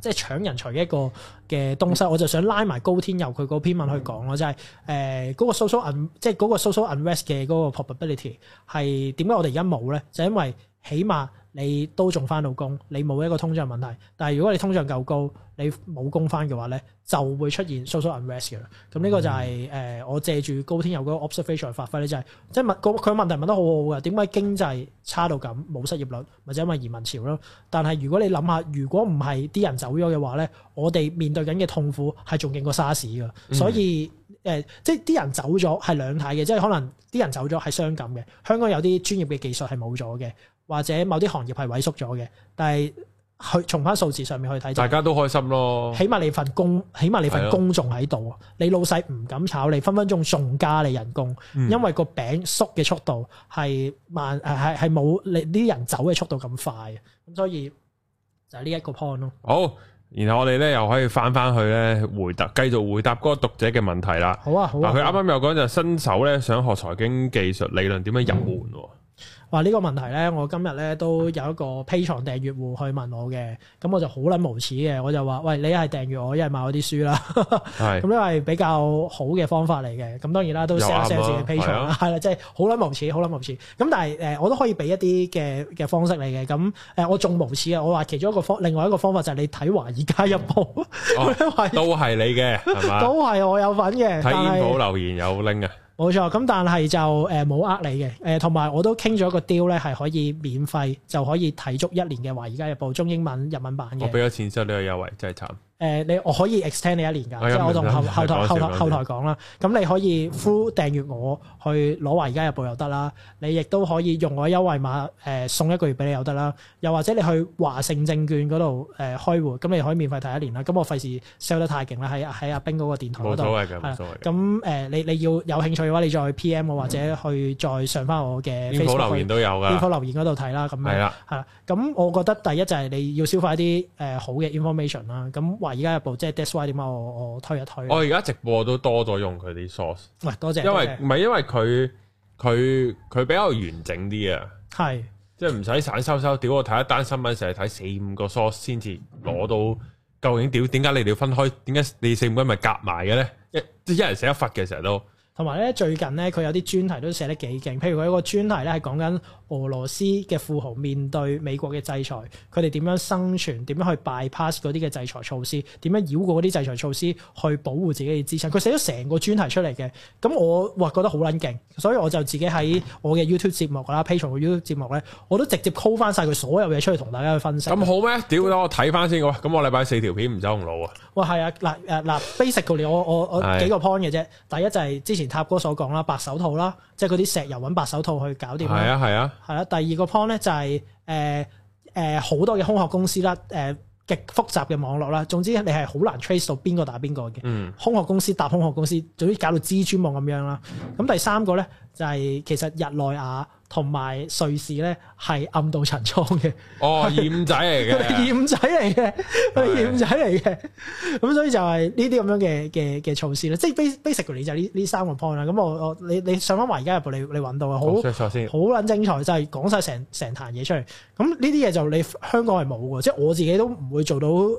即係搶人才一個嘅東西。我就想拉埋高天佑佢嗰篇文去講咯，就係誒嗰個 social 即係嗰個 social unrest 嘅嗰個 probability 係點解我哋而家冇咧？就因為起碼你都仲翻到工，你冇一個通脹問題。但係如果你通脹夠高，你冇工翻嘅話呢，就會出現 social unrest 嘅。咁呢個就係、是、誒、呃，我借住高天佑嗰個 observation 發揮呢，就係、是、即係問佢問題問得好好嘅。點解經濟差到咁冇失業率，或者因為移民潮咯？但係如果你諗下，如果唔係啲人走咗嘅話呢，我哋面對緊嘅痛苦係仲勁過沙士 r 嘅。所以誒、嗯呃，即係啲人走咗係兩睇嘅，即係可能啲人走咗係傷感嘅。香港有啲專業嘅技術係冇咗嘅。或者某啲行業係萎縮咗嘅，但係去從翻數字上面去睇，大家都開心咯。起碼你份工，起碼你份工仲喺度，你老細唔敢炒你，分分鐘仲加你人工，因為個餅縮嘅速度係慢，係係冇你啲人走嘅速度咁快，咁所以就係呢一個 point 咯。好，然後我哋咧又可以翻翻去咧回答，繼續回答嗰個讀者嘅問題啦。好啊，好啊，佢啱啱又講就新手咧想學財經技術理論點樣入門喎。話呢個問題咧，我今日咧都有一個 Patreon 訂閱戶去問我嘅，咁我就好撚無恥嘅，我就話：喂，你一係訂閱我，一係買我啲書啦。係是。咁 因為比較好嘅方法嚟嘅，咁當然啦，都發發自己 on, sell 嘅 Patreon 啦，係啦，即係好撚無恥，好撚無恥。咁但係誒、呃，我都可以俾一啲嘅嘅方式嚟嘅。咁誒、呃，我仲無恥嘅，我話其中一個方法，另外一個方法就係你睇華爾街日報。嗯哦、 都係你嘅， 都係我有份嘅。睇煙留言有拎啊！冇錯，咁但係就誒冇呃你嘅，誒同埋我都傾咗個 deal 咧，係可以免費就可以睇足一年嘅《華爾街日報》中英文日文版嘅。我俾咗錢之後呢個優惠真係慘。誒你我可以 extend 你一年㗎，即係我同後後台後台後台講啦。咁你可以 full 訂閲我去攞華爾街日報又得啦。你亦都可以用我優惠碼誒送一個月俾你又得啦。又或者你去華盛證券嗰度誒開戶，咁你可以免費睇一年啦。咁我費事 sell 得太勁啦，喺喺阿冰嗰個電台嗰度。冇所謂㗎，冇所謂。咁誒，你你要有興趣嘅話，你再 PM 我或者去再上翻我嘅 Facebook 留言都有㗎。Facebook 留言嗰度睇啦，咁樣係啦，係啦。咁我覺得第一就係你要消化一啲誒好嘅 information 啦。咁。而家有部即係 Dash Y 點啊？我、就是、我推一推。我而家直播都多咗用佢啲 source。喂，多謝。因為唔係謝因為佢佢佢比較完整啲啊。係是。即係唔使散收收，屌我睇一單新聞，成日睇四五個 source 先至攞到，嗯、究竟屌點解你哋要分開？點解你四五個咪夾埋嘅咧？一即係一人寫一忽嘅，成日都。同埋咧，最近咧，佢有啲專題都寫得幾勁。譬如佢有一個專題咧，係講緊俄羅斯嘅富豪面對美國嘅制裁，佢哋點樣生存，點樣去 bypass 嗰啲嘅制裁措施，點樣繞過嗰啲制裁措施去保護自己嘅資產。佢寫咗成個專題出嚟嘅。咁我哇覺得好撚勁，所以我就自己喺我嘅 YouTube 節目啦，Patreon 嘅 YouTube 節目咧，我都直接 call 翻晒佢所有嘢出去同大家去分析。咁好咩？屌得我睇翻先喎。咁、嗯、我禮拜四條片唔走唔路啊。哇係啊，嗱誒嗱，basic 嚟我我我，我，我，我幾個 point 嘅啫。第一就係之前。塔哥所講啦，白手套啦，即係嗰啲石油搵白手套去搞掂。係啊，係啊，係啦、啊。第二個 point 咧就係誒誒好多嘅空殼公司啦，誒、呃、極複雜嘅網絡啦。總之你係好難 trace 到邊個打邊個嘅。嗯，空殼公司搭空殼公司，總之搞到蜘蛛網咁樣啦。咁第三個咧，就係其實日內瓦同埋瑞士咧係暗度陳倉嘅，哦，僞仔嚟嘅，僞仔嚟嘅，佢僞仔嚟嘅，咁所以就係呢啲咁樣嘅嘅嘅措施咧，即係 basically 就係呢呢三個 point 啦。咁我我你你上翻華爾街日報，你你揾到啊，好好撚精彩，就係講晒成成壇嘢出嚟。咁呢啲嘢就你香港係冇嘅，即係我自己都唔會做到誒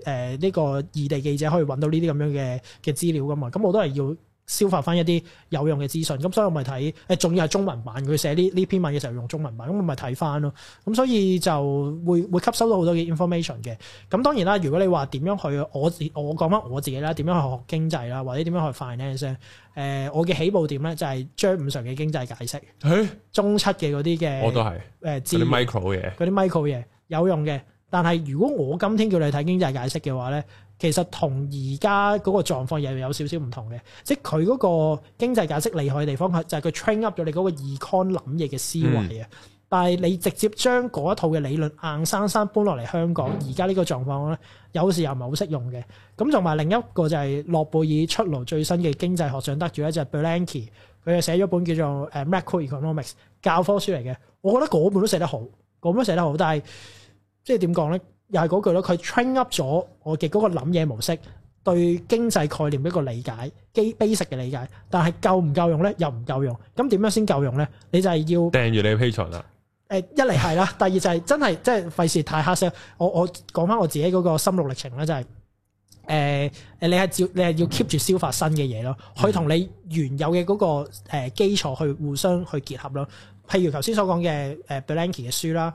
誒呢個異地記者可以揾到呢啲咁樣嘅嘅資料噶嘛。咁我都係要。消化翻一啲有用嘅資訊，咁所以我咪睇，誒仲要係中文版，佢寫呢呢篇文嘅時候用中文版，咁我咪睇翻咯。咁所以就會會吸收到好多嘅 information 嘅。咁當然啦，如果你話點樣去我自我講翻我自己啦，點樣去學經濟啦，或者點樣去 finance 咧，呃、我嘅起步點咧就係將五常嘅經濟解釋，欸、中七嘅嗰啲嘅，我都係誒啲 micro 嘢，嗰啲 micro 嘅，有用嘅。但係如果我今天叫你睇經濟解釋嘅話咧？其實同而家嗰個狀況又有少少唔同嘅，即係佢嗰個經濟解釋厲害嘅地方係就係佢 train up 咗你嗰個 econ 諗嘢嘅思維啊！嗯、但係你直接將嗰一套嘅理論硬生生搬落嚟香港，而家呢個狀況咧，有時又唔係好適用嘅。咁同埋另一個就係諾貝爾出爐最新嘅經濟學獎得主咧，就係、是、Bernanke，佢就寫咗本叫做《誒 Macro Economics》教科書嚟嘅。我覺得嗰本都寫得好，嗰本都寫得好，但係即係點講咧？又係嗰句咯，佢 train up 咗我嘅嗰個諗嘢模式，對經濟概念一個理解，基 basic 嘅理解，但係夠唔夠用咧？又唔夠用。咁點樣先夠用咧？你就係要訂閱你嘅 Patreon 啦。誒、呃，一嚟係啦，第二就係、是、真係即係費事太黑色。我我講翻我自己嗰個心路歷程咧，就係誒誒，你係要你係要 keep 住消化新嘅嘢咯，佢同你原有嘅嗰個誒基礎去互相去結合咯。譬如頭先所講嘅誒、呃、Blanky 嘅書啦。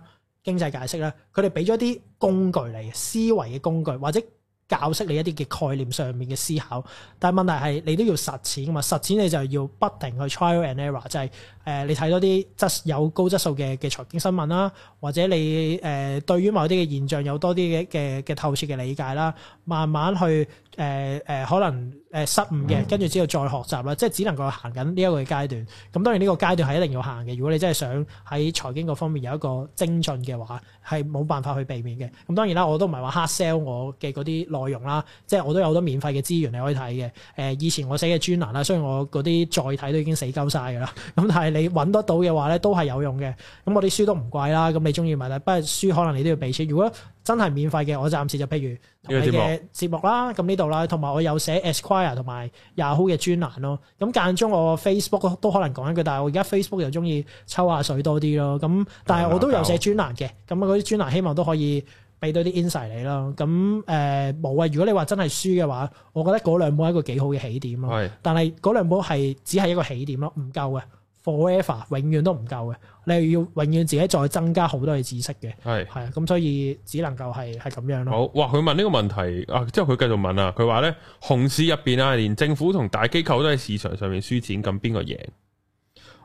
經濟解釋咧，佢哋俾咗啲工具嚟，思維嘅工具或者教識你一啲嘅概念上面嘅思考，但係問題係你都要實踐㗎嘛，實踐你就要不停去 trial and error，就係、是。誒、呃，你睇多啲質有高質素嘅嘅財經新聞啦，或者你誒、呃、對於某啲嘅現象有多啲嘅嘅嘅透徹嘅理解啦，慢慢去誒誒、呃呃、可能誒失誤嘅，跟住之後再學習啦，即係只能夠行緊呢一個階段。咁、嗯、當然呢個階段係一定要行嘅。如果你真係想喺財經嗰方面有一個精進嘅話，係冇辦法去避免嘅。咁、嗯、當然啦，我都唔係話黑 sell 我嘅嗰啲內容啦，即係我都有好多免費嘅資源你可以睇嘅。誒、呃，以前我寫嘅專欄啦，雖然我嗰啲載體都已經死鳩晒㗎啦，咁但係你你揾得到嘅話咧，都係有用嘅。咁我啲書都唔貴啦。咁你中意買啦，不過書可能你都要俾錢。如果真係免費嘅，我暫時就譬如同你嘅節目啦，咁呢度啦，同埋我有寫、ah《Esquire》同埋 Yahoo 嘅專欄咯。咁間中我 Facebook 都可能講一句，但係我而家 Facebook 又中意抽下水多啲咯。咁但係我都有寫專欄嘅。咁嗰啲專欄希望都可以俾到啲 insight 你咯。咁誒冇啊。如果你話真係書嘅話，我覺得嗰兩本係一個幾好嘅起點咯。是但係嗰兩本係只係一個起點咯，唔夠嘅。forever 永遠都唔夠嘅，你又要永遠自己再增加好多嘅知識嘅。係係啊，咁所以只能夠係係咁樣咯。好，哇！佢問呢個問題啊，之後佢繼續問啊，佢話咧，熊市入邊啊，連政府同大機構都喺市場上面輸錢，咁邊個贏？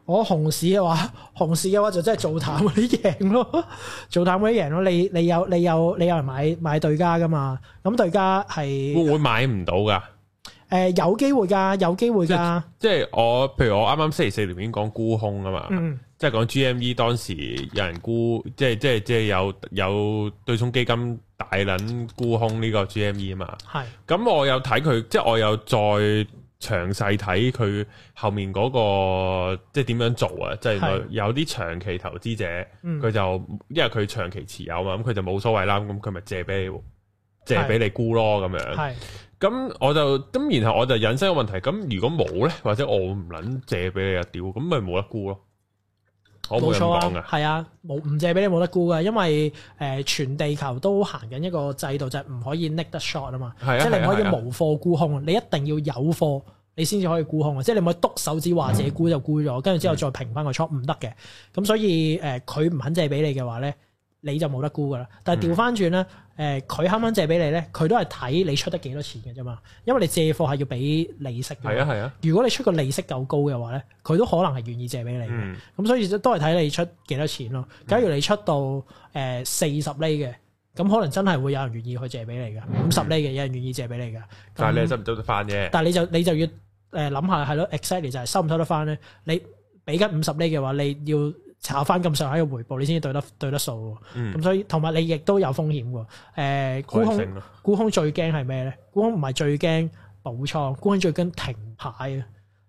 我、哦、熊市嘅話，熊市嘅話就真係做淡嗰啲贏咯，做淡嗰啲贏咯。你你有你有你有，你有人買買對家㗎嘛？咁對家係會會買唔到㗎。誒、呃，有機會噶，有機會噶。即係我，譬如我啱啱星期四條片講沽空啊嘛，嗯、即係講 GME 當時有人沽，即係即係即係有有對沖基金大撚沽空呢個 GME 啊嘛。係是。咁我有睇佢，即係我有再詳細睇佢後面嗰、那個，即係點樣做啊？是即係有啲長期投資者，佢、嗯、就因為佢長期持有啊嘛，咁佢就冇所謂啦。咁佢咪借俾借俾你沽咯，咁樣。係。咁我就咁，然後我就引申個問題。咁如果冇咧，或者我唔撚借俾你啊，屌，咁咪冇得沽咯。冇錯啊，係啊，冇唔借俾你冇得沽噶，因為誒、呃、全地球都行緊一個制度，就係、是、唔可以 naked short 啊嘛。係啊的即係你可以無貨沽空，你一定要有貨，你先至可以沽空啊。即係你唔可以督手指話自己沽就沽咗，跟住、嗯、之後再平翻個倉唔得嘅。咁、嗯、所以誒，佢、呃、唔肯借俾你嘅話咧，你就冇得估噶啦，但係調翻轉咧，誒佢啱啱借俾你咧，佢都係睇你出得幾多錢嘅啫嘛，因為你借貨係要俾利息嘅。係啊係啊，啊如果你出個利息夠高嘅話咧，佢都可能係願意借俾你咁、嗯、所以都係睇你出幾多錢咯。假如你出到誒四十厘嘅，咁可能真係會有人願意去借俾你嘅。五十、嗯、厘嘅有人願意借俾你嘅。嗯、那但係你收唔、exactly，收，收，收得翻嘅？但係你就你就要誒諗下係咯 exactly 就係收唔收得翻咧？你俾緊五十厘嘅話，你要。查翻咁上下嘅回報，你先至對得對得數。咁、嗯、所以同埋你亦都有風險喎。誒，沽空沽空最驚係咩咧？沽空唔係最驚補倉，沽空最驚停牌啊！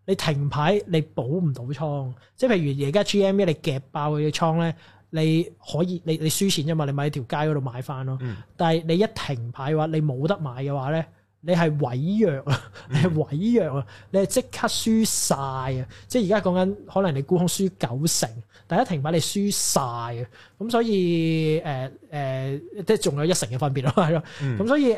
你停牌，你補唔到倉，即係譬如而家 G M A 你夾爆佢嘅倉咧，你可以你你輸錢啫嘛，你咪喺條街嗰度買翻咯。嗯、但係你一停牌嘅話，你冇得買嘅話咧。你係毀約啊！你係毀約啊！你係即刻輸晒啊！即係而家講緊，可能你沽空輸九成，第一停板你輸晒啊！咁所以誒誒，即係仲有一成嘅分別咯，係咯，咁所以誒誒，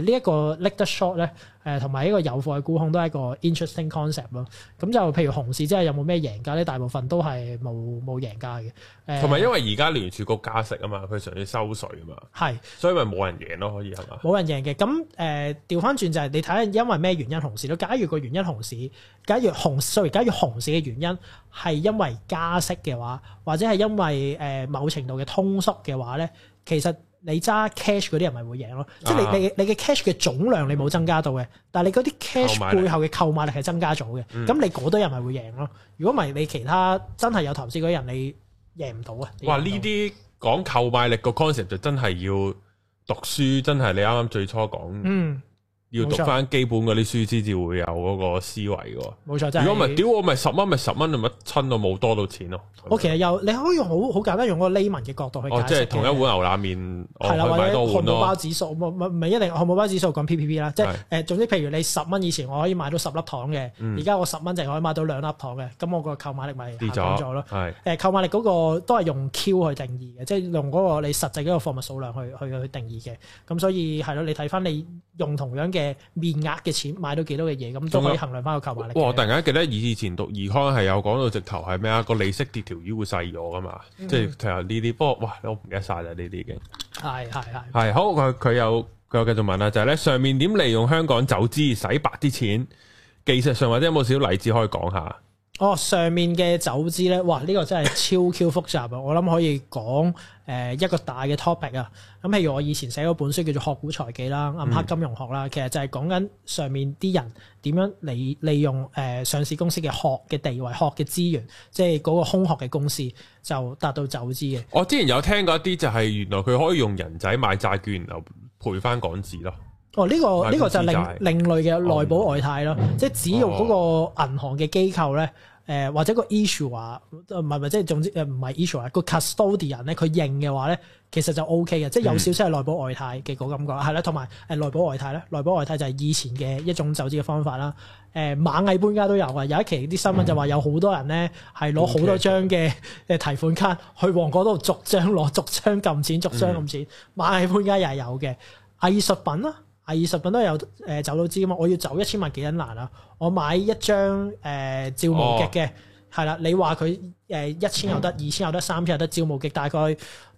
呢一個 naked short 咧，誒同埋一個有貨嘅沽空都係一個 interesting concept 咯。咁就譬如熊市即係有冇咩贏家咧，大部分都係冇冇贏家嘅。誒同埋因為而家聯儲局加息啊嘛，佢想要收水啊嘛，係，所以咪冇人贏咯，可以係嘛？冇人贏嘅，咁誒調翻轉就係你睇下，因為咩原因熊市咯？假如個原因熊市，假如熊，所以假如熊市嘅原因係因為加息嘅話，或者係因為誒某。程度嘅通縮嘅話咧，其實你揸 cash 嗰啲人咪會贏咯，啊、即係你你你嘅 cash 嘅總量你冇增加到嘅，嗯、但係你嗰啲 cash 背後嘅購買力係增加咗嘅，咁、嗯、你嗰堆人咪會贏咯。如果唔係你其他真係有投資嗰啲人，你贏唔到啊。哇！呢啲講購買力個 concept 就真係要讀書，真係你啱啱最初講。嗯要讀翻基本嗰啲書，先至會有嗰個思維噶。冇錯，真係。如果唔係，屌我咪十蚊咪十蚊，係咪親到冇多到錢咯。我其實又你可以用好好簡單用嗰個 layman 嘅角度去解釋、哦、即係同一，牛麵，哦、的一碗牛腩麵，我唔買多碗咯。係啦，或者漢堡包指數，唔唔一定漢堡包指數講 PPP 啦。P P、P, 即係誒的、呃，總之譬如你十蚊以前我可以買到十粒糖嘅，而家、嗯、我十蚊淨係可以買到兩粒糖嘅，咁我個購買力咪跌咗咯。係。誒，購、呃、買力嗰個都係用 Q 去定義嘅，即係用嗰個你實際嗰個貨物數量去去去定義嘅。咁所以係咯，你睇翻你用同樣嘅。嘅面額嘅錢買到幾多嘅嘢，咁都可以衡量翻個購買力。我突然間記得以前讀 Econ 係有講到直頭係咩啊？個利息跌條魚會細咗噶嘛？即係睇下呢啲。不過哇，我唔記得晒啦呢啲已經。係係係。係好，佢佢有佢有繼續問啦，就係、是、咧上面點利用香港走資洗白啲錢？技術上或者有冇少例子可以講下？哦，上面嘅走資咧，哇！呢、呢個真係超 Q 複雜啊！ 我諗可以講誒一個大嘅 topic 啊。咁譬如我以前寫嗰本書叫做《殼股財技》啦，《暗黑金融學》啦，其實就係講緊上面啲人點樣利利用誒上市公司嘅殼嘅地位、殼嘅資源，即係嗰個空殼嘅公司就達到走資嘅。我之前有聽過一啲，就係原來佢可以用人仔買債券，然後賠翻港紙咯。哦，呢個呢個就係另另類嘅內保外貸咯，即係只要嗰個銀行嘅機構咧，誒或者個 issuer，唔係唔係即係總之誒唔係 issuer，個 custodian 咧佢認嘅話咧，其實就 O K 嘅，即係有少少係內保外貸嘅嗰感覺，係啦，同埋誒內保外貸咧，內保外貸就係以前嘅一種走資嘅方法啦。誒螞蟻搬家都有啊，有一期啲新聞就話有好多人咧係攞好多張嘅嘅提款卡去旺角度逐張攞，逐張撳錢，逐張撳錢。螞蟻搬家又係有嘅藝術品啦。第二十份都有誒、呃、走到資噶嘛，我要走一千萬幾人難啊！我買一張誒照、呃、無極嘅，係啦、哦，你話佢誒一千又得，二千又得，三千又得照無極，大概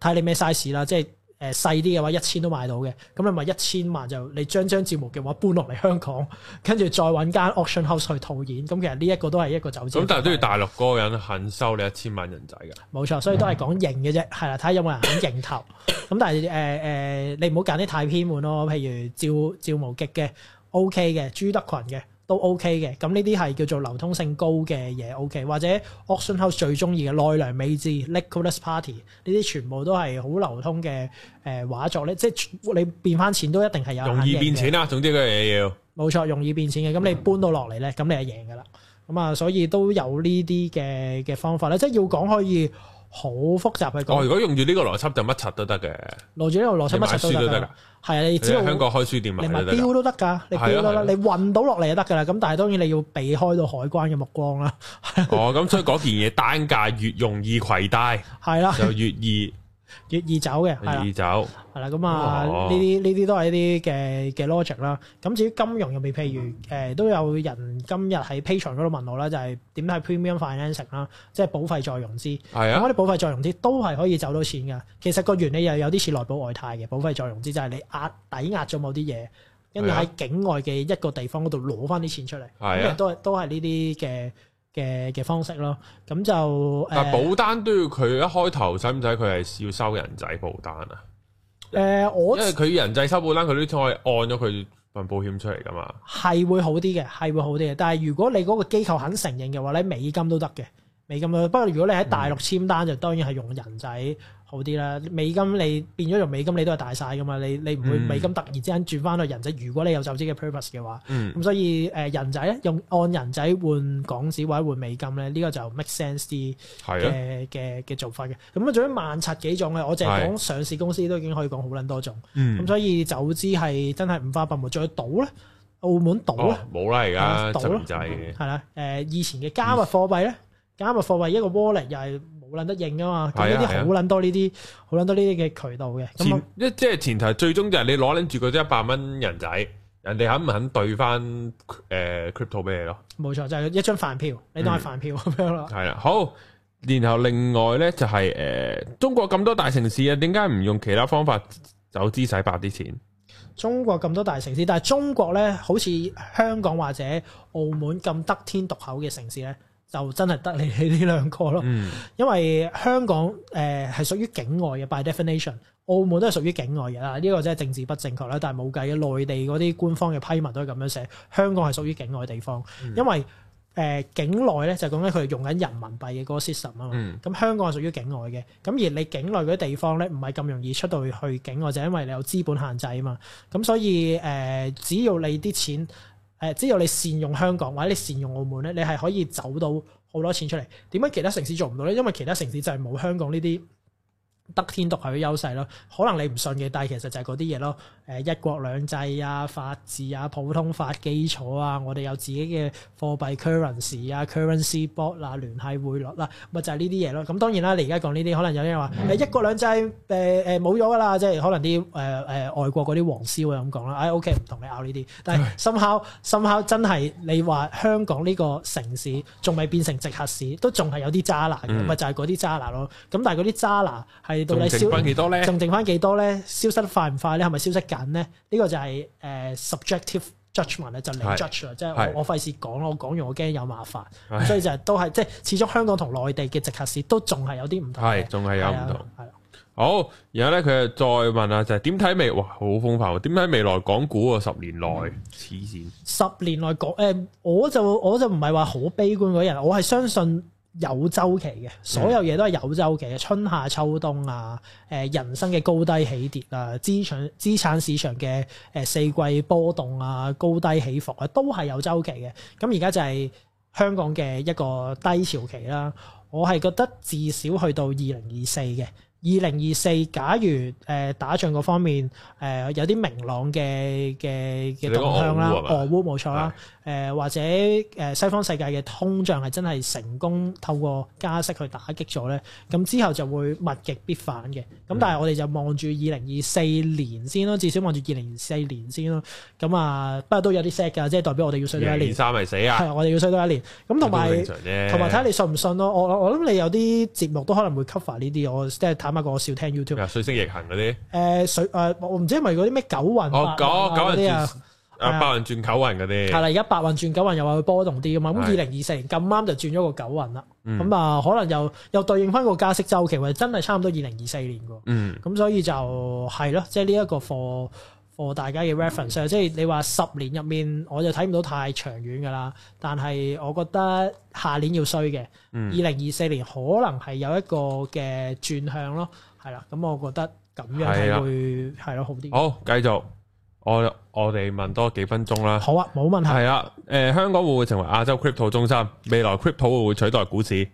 睇你咩 size 啦，即係。誒、呃、細啲嘅話，一千都買到嘅，咁你咪一千萬就你將張志目嘅話搬落嚟香港，跟住再揾間 auction house 去套現，咁、嗯、其實呢一個都係一個走資，咁但係都要大陸嗰個人肯收你一千萬人仔嘅。冇錯，所以都係講認嘅啫，係啦，睇下有冇人肯認頭。咁、 嗯、但係誒誒，你唔好揀啲太偏門咯，譬如趙趙無極嘅，OK 嘅，朱德群嘅。都 OK 嘅，咁呢啲係叫做流通性高嘅嘢 OK，或者 Oxenhouse 最中意嘅奈良美智 Liquidus Party 呢啲全部都係好流通嘅誒、呃、畫作咧，即係你變翻錢都一定係有定。容易變錢啦，總之嗰樣嘢要冇錯，容易變錢嘅，咁你搬到落嚟咧，咁、嗯、你係贏噶啦。咁啊，所以都有呢啲嘅嘅方法咧，即係要講可以。好複雜去講。我如果用住呢個邏輯，就乜柒都得嘅。攞住呢個邏輯，乜柒都得㗎。係啊，你只要香港開書店，連咪，標都得㗎，你標得啦，你運到落嚟就得㗎啦。咁但係當然你要避開到海關嘅目光啦。哦，咁所以嗰件嘢單價越容易攜帶，係啦，就越易。越易走嘅，係啦咁啊，呢啲呢啲都係一啲嘅嘅 logic 啦。咁至於金融入面，譬如誒都有人今日喺 Patreon 度問我啦，就係、是、點睇 premium financing 啦，即係保費再融資。係啊，咁啲保費再融資都係可以走到錢嘅。其實個原理又有啲似內保外貸嘅，保費再融資就係、是、你押抵押咗某啲嘢，跟住喺境外嘅一個地方嗰度攞翻啲錢出嚟。係、啊，咁都係、啊、都係呢啲嘅。嘅嘅方式咯，咁就誒，但保單都要佢一開頭使唔使佢係要收人仔保單啊？誒、呃，我因為佢人仔收保單，佢都可以按咗佢份保險出嚟噶嘛，係會好啲嘅，係會好啲嘅。但係如果你嗰個機構肯承認嘅話咧，美金都得嘅，美金咯。不過如果你喺大陸簽單，嗯、就當然係用人仔。好啲啦，美金你變咗用美金，你都係大晒噶嘛？你你唔會美金突然之間轉翻去人仔，如果你有就資嘅 purpose 嘅話，咁、嗯、所以誒人仔咧用按人仔換港紙或者換美金咧，呢、呢個就 make sense 啲嘅嘅嘅做法嘅。咁啊，仲有萬七幾種嘅，我淨係講上市公司都已經可以講好撚多種。咁、啊、所以就資係真係五花八門，再賭咧，澳門賭咧，冇啦而家賭啦呢，係、嗯呃、以前嘅加密貨幣咧，嗯、加密貨幣一個 wallet 又係。好撚得硬啊嘛，咁到啲好撚多呢啲好撚多呢啲嘅渠道嘅，咁一前我即係前提，最終就係你攞拎住嗰啲一百蚊人仔，人哋肯唔肯兌翻誒 crypto 俾你咯？冇錯，就係、是、一張飯票，你當係飯票咁、嗯、樣咯。係啦、啊，好，然後另外咧就係、是、誒、呃，中國咁多大城市啊，點解唔用其他方法走資洗白啲錢？中國咁多大城市，但係中國咧好似香港或者澳門咁得天獨厚嘅城市咧。就真係得你哋呢兩個咯，因為香港誒係、呃、屬於境外嘅，by definition。澳門都係屬於境外嘅啦，呢、呢個真係政治不正確啦。但係冇計嘅，內地嗰啲官方嘅批文都係咁樣寫，香港係屬於境外地方。因為誒、呃、境內咧就講緊佢用緊人民幣嘅嗰個 system 啊嘛。咁、嗯、香港係屬於境外嘅，咁而你境內嗰啲地方咧唔係咁容易出到去境外，就因為你有資本限制啊嘛。咁所以誒、呃，只要你啲錢，誒只有你善用香港或者你善用澳門咧，你係可以走到好多錢出嚟。點解其他城市做唔到咧？因為其他城市就係冇香港呢啲得天獨厚嘅優勢咯。可能你唔信嘅，但係其實就係嗰啲嘢咯。誒一國兩制啊、法治啊、普通法基礎啊，我哋有自己嘅貨幣 currency 啊、currency board 啊、聯繫匯率嗱、啊，咪就係呢啲嘢咯。咁當然啦，你而家講呢啲，可能有啲人話誒、嗯、一國兩制誒誒冇咗㗎啦，即係可能啲誒誒外國嗰啲黃絲會咁講啦。唉 OK 唔同你拗呢啲，但係深刻深刻真係你話香港呢個城市仲未變成直轄市，都仲係有啲渣男，咪、嗯、就係嗰啲渣男咯。咁但係嗰啲渣男係到底消多仲剩翻幾多咧？消失得快唔快咧？係咪消失㗎？咧呢個就係誒 subjective judgement 咧 jud，就嚟 judge 啦，即係我費事講咯，我講完我驚有麻煩，是所以就都、是、係即係始終香港同內地嘅直轄市都仲係有啲唔同，同，係仲係有唔同，係、啊。好，然後咧佢就再問啊，就係點睇未？哇，好風化喎！點睇未來港股啊？十年內黐線，十、嗯、年內講誒、呃，我就我就唔係話好悲觀嗰人，我係相信。有周期嘅，所有嘢都係有周期嘅，春夏秋冬啊，誒人生嘅高低起跌啊，資產資產市場嘅誒四季波動啊，高低起伏啊，都係有周期嘅。咁而家就係香港嘅一個低潮期啦。我係覺得至少去到二零二四嘅，二零二四假如誒打仗嗰方面誒有啲明朗嘅嘅嘅動向啦，烏啊、俄烏冇錯啦。誒或者誒西方世界嘅通脹係真係成功透過加息去打擊咗咧，咁之後就會物極必反嘅。咁但係我哋就望住二零二四年先咯，至少望住二零二四年先咯。咁啊，不過都有啲 set 噶，即係代表我哋要衰多一年三咪死啊！係，我哋要衰多一年。咁同埋同埋睇下你信唔信咯。我我我諗你有啲節目都可能會 cover 呢啲。我即係坦白講，我少聽 YouTube。水星逆行嗰啲。誒、欸、水誒、呃，我唔知係咪嗰啲咩九運九九運啊，八運轉九運嗰啲係啦，而家八運轉九運又話會波動啲啊嘛，咁二零二四年咁啱就轉咗個九運啦，咁啊、嗯、可能又又對應翻個加息周期，或者真係差唔多二零二四年喎，咁、嗯、所以就係咯，即係呢一個 for for 大家嘅 reference 即係你話十年入面，我就睇唔到太長遠㗎啦，但係我覺得下年要衰嘅，二零二四年可能係有一個嘅轉向咯，係啦、嗯，咁我覺得咁樣係會係咯的了好啲。好，繼續。我我哋問多幾分鐘啦。好啊，冇問題。係啊，誒、呃，香港會唔會成為亞洲 crypto 中心？未來 crypto 會唔會取代股市？誒、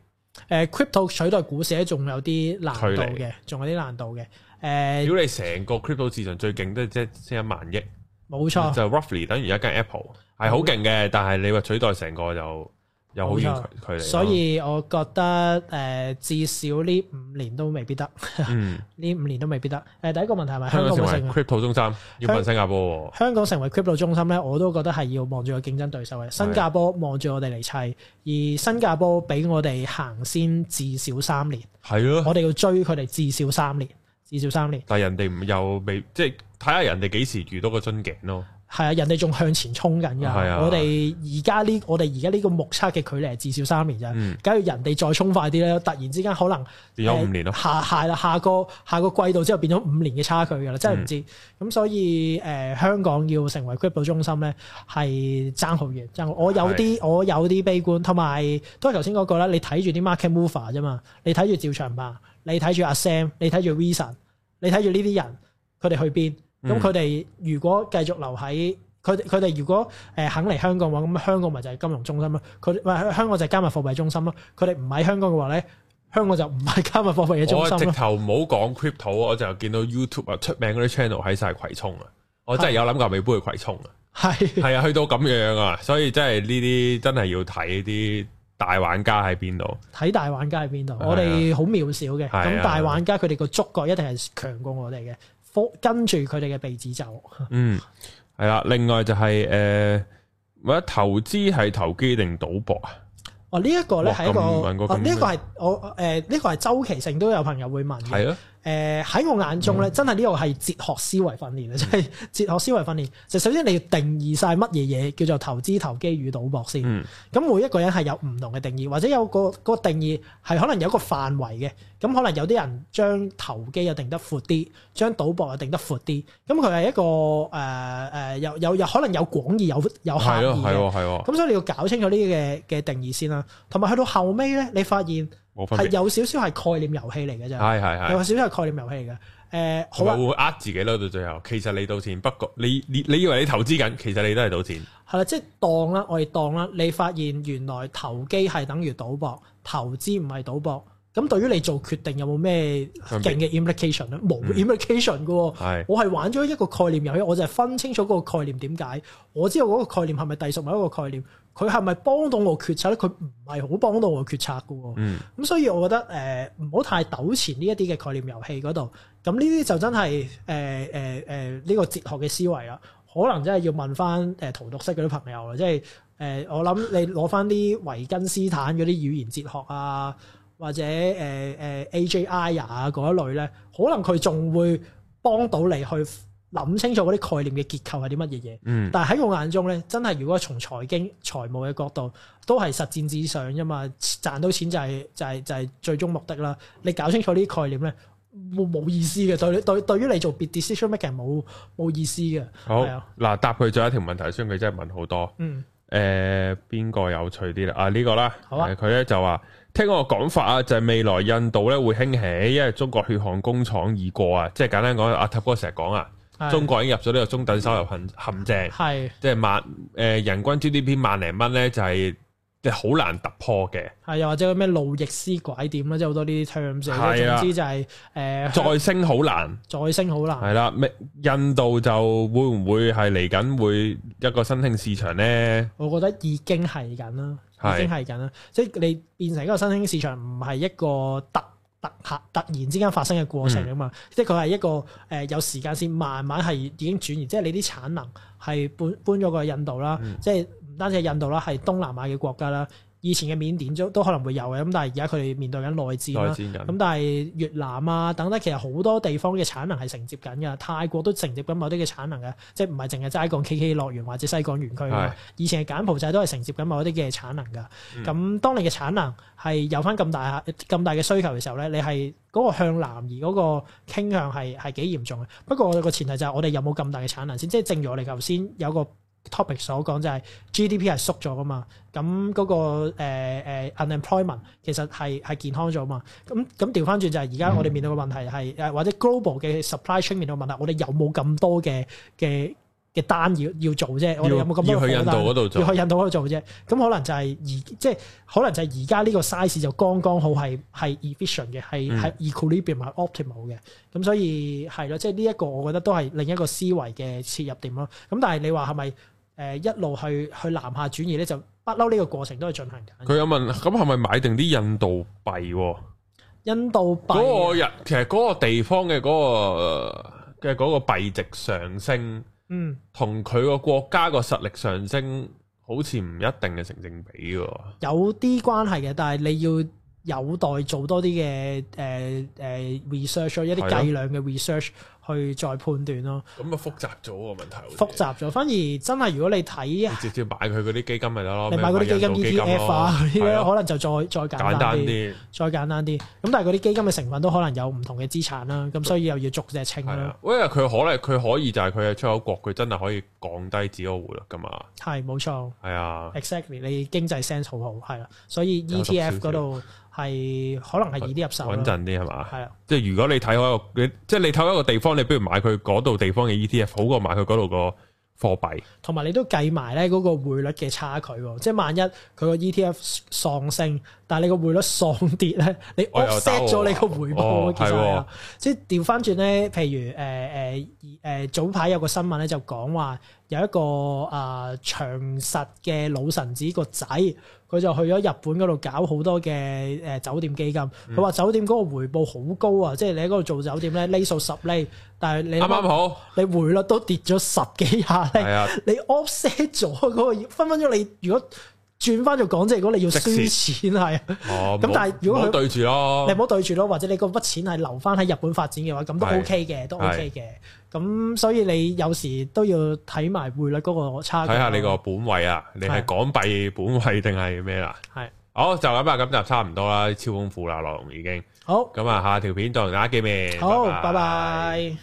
呃，crypto 取代股市仲有啲難度嘅，仲離有啲難度嘅。誒、呃，如果你成個 crypto 市場最勁都係即係一萬億，冇錯，就 roughly 等於一間 Apple，係好勁嘅，錯但係你話取代成個就。冇錯，所以我覺得誒、呃，至少呢五年都未必得。嗯，呢五年都未必得。誒、呃，第一個問題係咪香港，香港成為 crypto 中心，像要問新加坡。香港成為 crypto 中心咧，我都覺得係要望住個競爭對手嘅新加坡，望住我哋嚟砌。而新加坡比我哋行先至少三年。係咯的，我哋要追佢哋至少三年，至少三年。但係人哋唔又未，即係睇下人哋幾時遇到個樽頸咯。係啊，人哋仲向前衝緊噶、係啊。我哋而家呢，我哋而家呢個目測嘅距離係至少三年啫。假如、嗯、人哋再衝快啲咧，突然之間可能有五年咯。下係啦，下個下個季度之後變咗五年嘅差距噶啦，真係唔知。咁、嗯嗯、所以誒、呃，香港要成為 crypto 中心咧，係爭好遠。爭我有啲是我有啲悲觀，同埋都係頭先嗰個咧。你睇住啲 market mover 啫嘛，你睇住趙長鵬？你睇住阿 Sam，你睇住 Vincent，你睇住呢啲人，佢哋去邊？咁佢哋如果繼續留喺佢佢哋如果誒肯嚟香港嘅話，咁香港咪就係金融中心咯？佢哋咪香港就係加密貨幣中心咯。佢哋唔喺香港嘅話咧，香港就唔係加密貨幣嘅中心。我直頭唔好講 crypto，我就見到 YouTube 啊，出名嗰啲 channel 喺晒葵涌啊！我真係有諗過未搬去葵涌啊！係係啊，去到咁樣啊，所以真係呢啲真係要睇啲大玩家喺邊度，睇 大玩家喺邊度。我哋好渺小嘅，咁、啊、大玩家佢哋個觸覺一定係強過我哋嘅。跟住佢哋嘅鼻子走。嗯，係啦。另外就係、是、誒，或、呃、者投資係投機定賭博啊？哦，這個、呢一個咧係一個，呢一、哦這個係我誒呢、呃這個係周期性都有朋友會問嘅。係咯。誒喺我眼中咧，真係呢個係哲學思維訓練啊！真係、嗯、哲學思維訓練。就是、首先你要定義晒乜嘢嘢叫做投資、投機與賭博先。咁、嗯、每一個人係有唔同嘅定義，或者有個個定義係可能有個範圍嘅。咁可能有啲人將投機又定得闊啲，將賭博又定得闊啲。咁佢係一個誒誒、呃、有有有可能有廣義有有狹義嘅。咁所以你要搞清楚呢啲嘅嘅定義先啦。同埋去到後尾咧，你發現，係有少少係概念遊戲嚟嘅啫，係係係，有少少係概念遊戲嘅。誒，好啊，會呃自己咯。到最後，其實你賭錢，不過你你你以為你投資緊，其實你都係賭錢係啦，即係當啦啊，我哋當啦啊。你發現原來投機係等於賭博，投資唔係賭博。咁對於你做決定有冇咩勁嘅 implication 咧？冇 implication 嘅，嗯、我係玩咗一個概念遊戲，我就係分清楚嗰個概念點解，我知道嗰個概念係咪隸屬某一個概念，佢係咪幫到我決策咧？佢唔係好幫到我決策嘅。咁、嗯、所以我覺得誒唔好太糾纏呢一啲嘅概念遊戲嗰度。咁呢啲就真係誒誒誒呢個哲學嘅思維啦，可能真係要問翻誒荼毒室嗰啲朋友啦，即係誒我諗你攞翻啲維根斯坦嗰啲語言哲學啊～或者誒誒 AJI 啊一類咧，可能佢仲會幫到你去諗清楚嗰啲概念嘅結構係啲乜嘢嘢。嗯。但係喺我眼中咧，真係如果從財經財務嘅角度，都係實戰至上啫嘛。賺到錢就係就係就係最終目的啦。你搞清楚呢啲概念咧，冇冇意思嘅。對對，對於你做 business decision maker 冇冇意思嘅。好。嗱，答佢最後一條問題先，佢真係問好多。嗯。誒，邊個有趣啲咧？啊，呢個啦。好啊。佢咧就話。聽我講法啊，就係、係、未來印度咧會興起，因為中國血汗工廠已過啊，即係簡單講，阿塔哥成日講啊，中國已經入咗呢個中等收入陷陷阱，即係萬誒人均 GDP 萬零蚊咧就係、係。好難突破嘅，係又或者咩路易斯拐點咧，即係好多呢啲 terms 嘅。的總之就係、是、誒，呃、再升好難，再升好難。係啦，咩印度就會唔會係嚟緊會一個新興市場咧？我覺得已經係緊啦，已經係緊啦。是即係你變成一個新興市場，唔係一個突突下突然之間發生嘅過程啊嘛。嗯、即係佢係一個誒有時間先慢慢係已經轉移，即係你啲產能係搬搬咗過去印度啦，即係、嗯。唔單止係印度啦，係東南亞嘅國家啦。以前嘅緬甸都可能會有嘅咁，但係而家佢面對緊內戰啦。咁但係越南啊等等其實好多地方嘅產能係承接緊嘅。泰國都承接緊某啲嘅產能嘅，即係唔係淨係齋講 K K 樂園或者西港園區是以前嘅柬埔寨都係承接緊某啲嘅產能嘅。咁、嗯、當你嘅產能係有翻咁大咁大嘅需求嘅時候咧，你係嗰個向南移嗰個傾向係係幾嚴重嘅。不過我個前提就係我哋有冇咁大嘅產能先，即係正如我哋頭先有個。Topic 所講就係 GDP 係縮咗噶嘛，咁嗰、嗰個誒、呃呃、unemployment 其實係係健康咗嘛，咁咁調翻轉就係而家我哋面對嘅問題係誒、嗯、或者 global 嘅 supply chain 面對嘅問題我有有，我哋有冇咁多嘅嘅嘅單要要做啫？我哋有冇咁多嘅？要去印度嗰度做，要去印度嗰度做啫。咁可能就係、是、而即係可能就係而家呢個 size 就剛剛好係係 efficient 嘅，係係、嗯、equilibrium 係 optimal 嘅。咁所以係咯，即係呢一個我覺得都係另一個思維嘅切入點咯。咁但係你話係咪？誒一路去去南下轉移咧，就不嬲呢個過程都係進行緊。佢有問，咁係咪買定啲印度幣？印度幣嗰個日，其實嗰個地方嘅嗰個嘅嗰個幣值上升，嗯，同佢個國家個實力上升好似唔一定係成正比嘅。有啲關係嘅，但係你要有待做多啲嘅誒誒 research，一啲計量嘅 research。去再判斷咯，咁啊複雜咗個問題好。複雜咗，反而真係如果你睇，你直接買佢嗰啲基金咪得咯，你買嗰啲基金 ETF 啊，可能就再再簡單啲，再簡單啲。咁但係嗰啲基金嘅成分都可能有唔同嘅資產啦，咁所以又要逐隻清啦。因為佢可能佢可以就係佢係出口國，佢真係可以降低自我匯率噶嘛。係冇錯，係啊，exactly，你經濟 sense 好好係啦，所以 ETF 嗰度係可能係易啲入手。穩陣啲係嘛？係啊，即係如果你睇開個，你即係你睇開個地方，你不如買佢嗰度地方嘅 ETF，好過買佢嗰度個貨幣，同埋你都計埋咧嗰個匯率嘅差距。即係萬一佢個 ETF 上升，但係你個匯率上跌咧，你 offset 咗你個回報。係，哎呀，即係調翻轉咧。譬如誒誒誒，早排有個新聞咧就講話有一個啊長實嘅老臣子個仔。佢就去咗日本嗰度搞好多嘅誒酒店基金，佢話、嗯、酒店嗰個回報好高啊！即、就、係、是、你喺嗰度做酒店咧，利數十厘。但係你啱啱好，你匯率都跌咗十幾呢、啊、下咧、那個，你 offset 咗嗰個分分鐘你如果轉翻做港資，如果你要輸錢係，咁、啊、但係如果佢對住咯，你唔好對住咯，或者你嗰筆錢係留翻喺日本發展嘅話，咁都 OK 嘅，都 OK 嘅。咁所以你有時都要睇埋匯率嗰個差距。睇下你個本位啊，你係港幣本位定係咩啊？係是。好就咁啊，咁就差唔多啦，超豐富啦，內容已經。好。咁啊，下條片再同大家見面。好，拜拜。拜拜。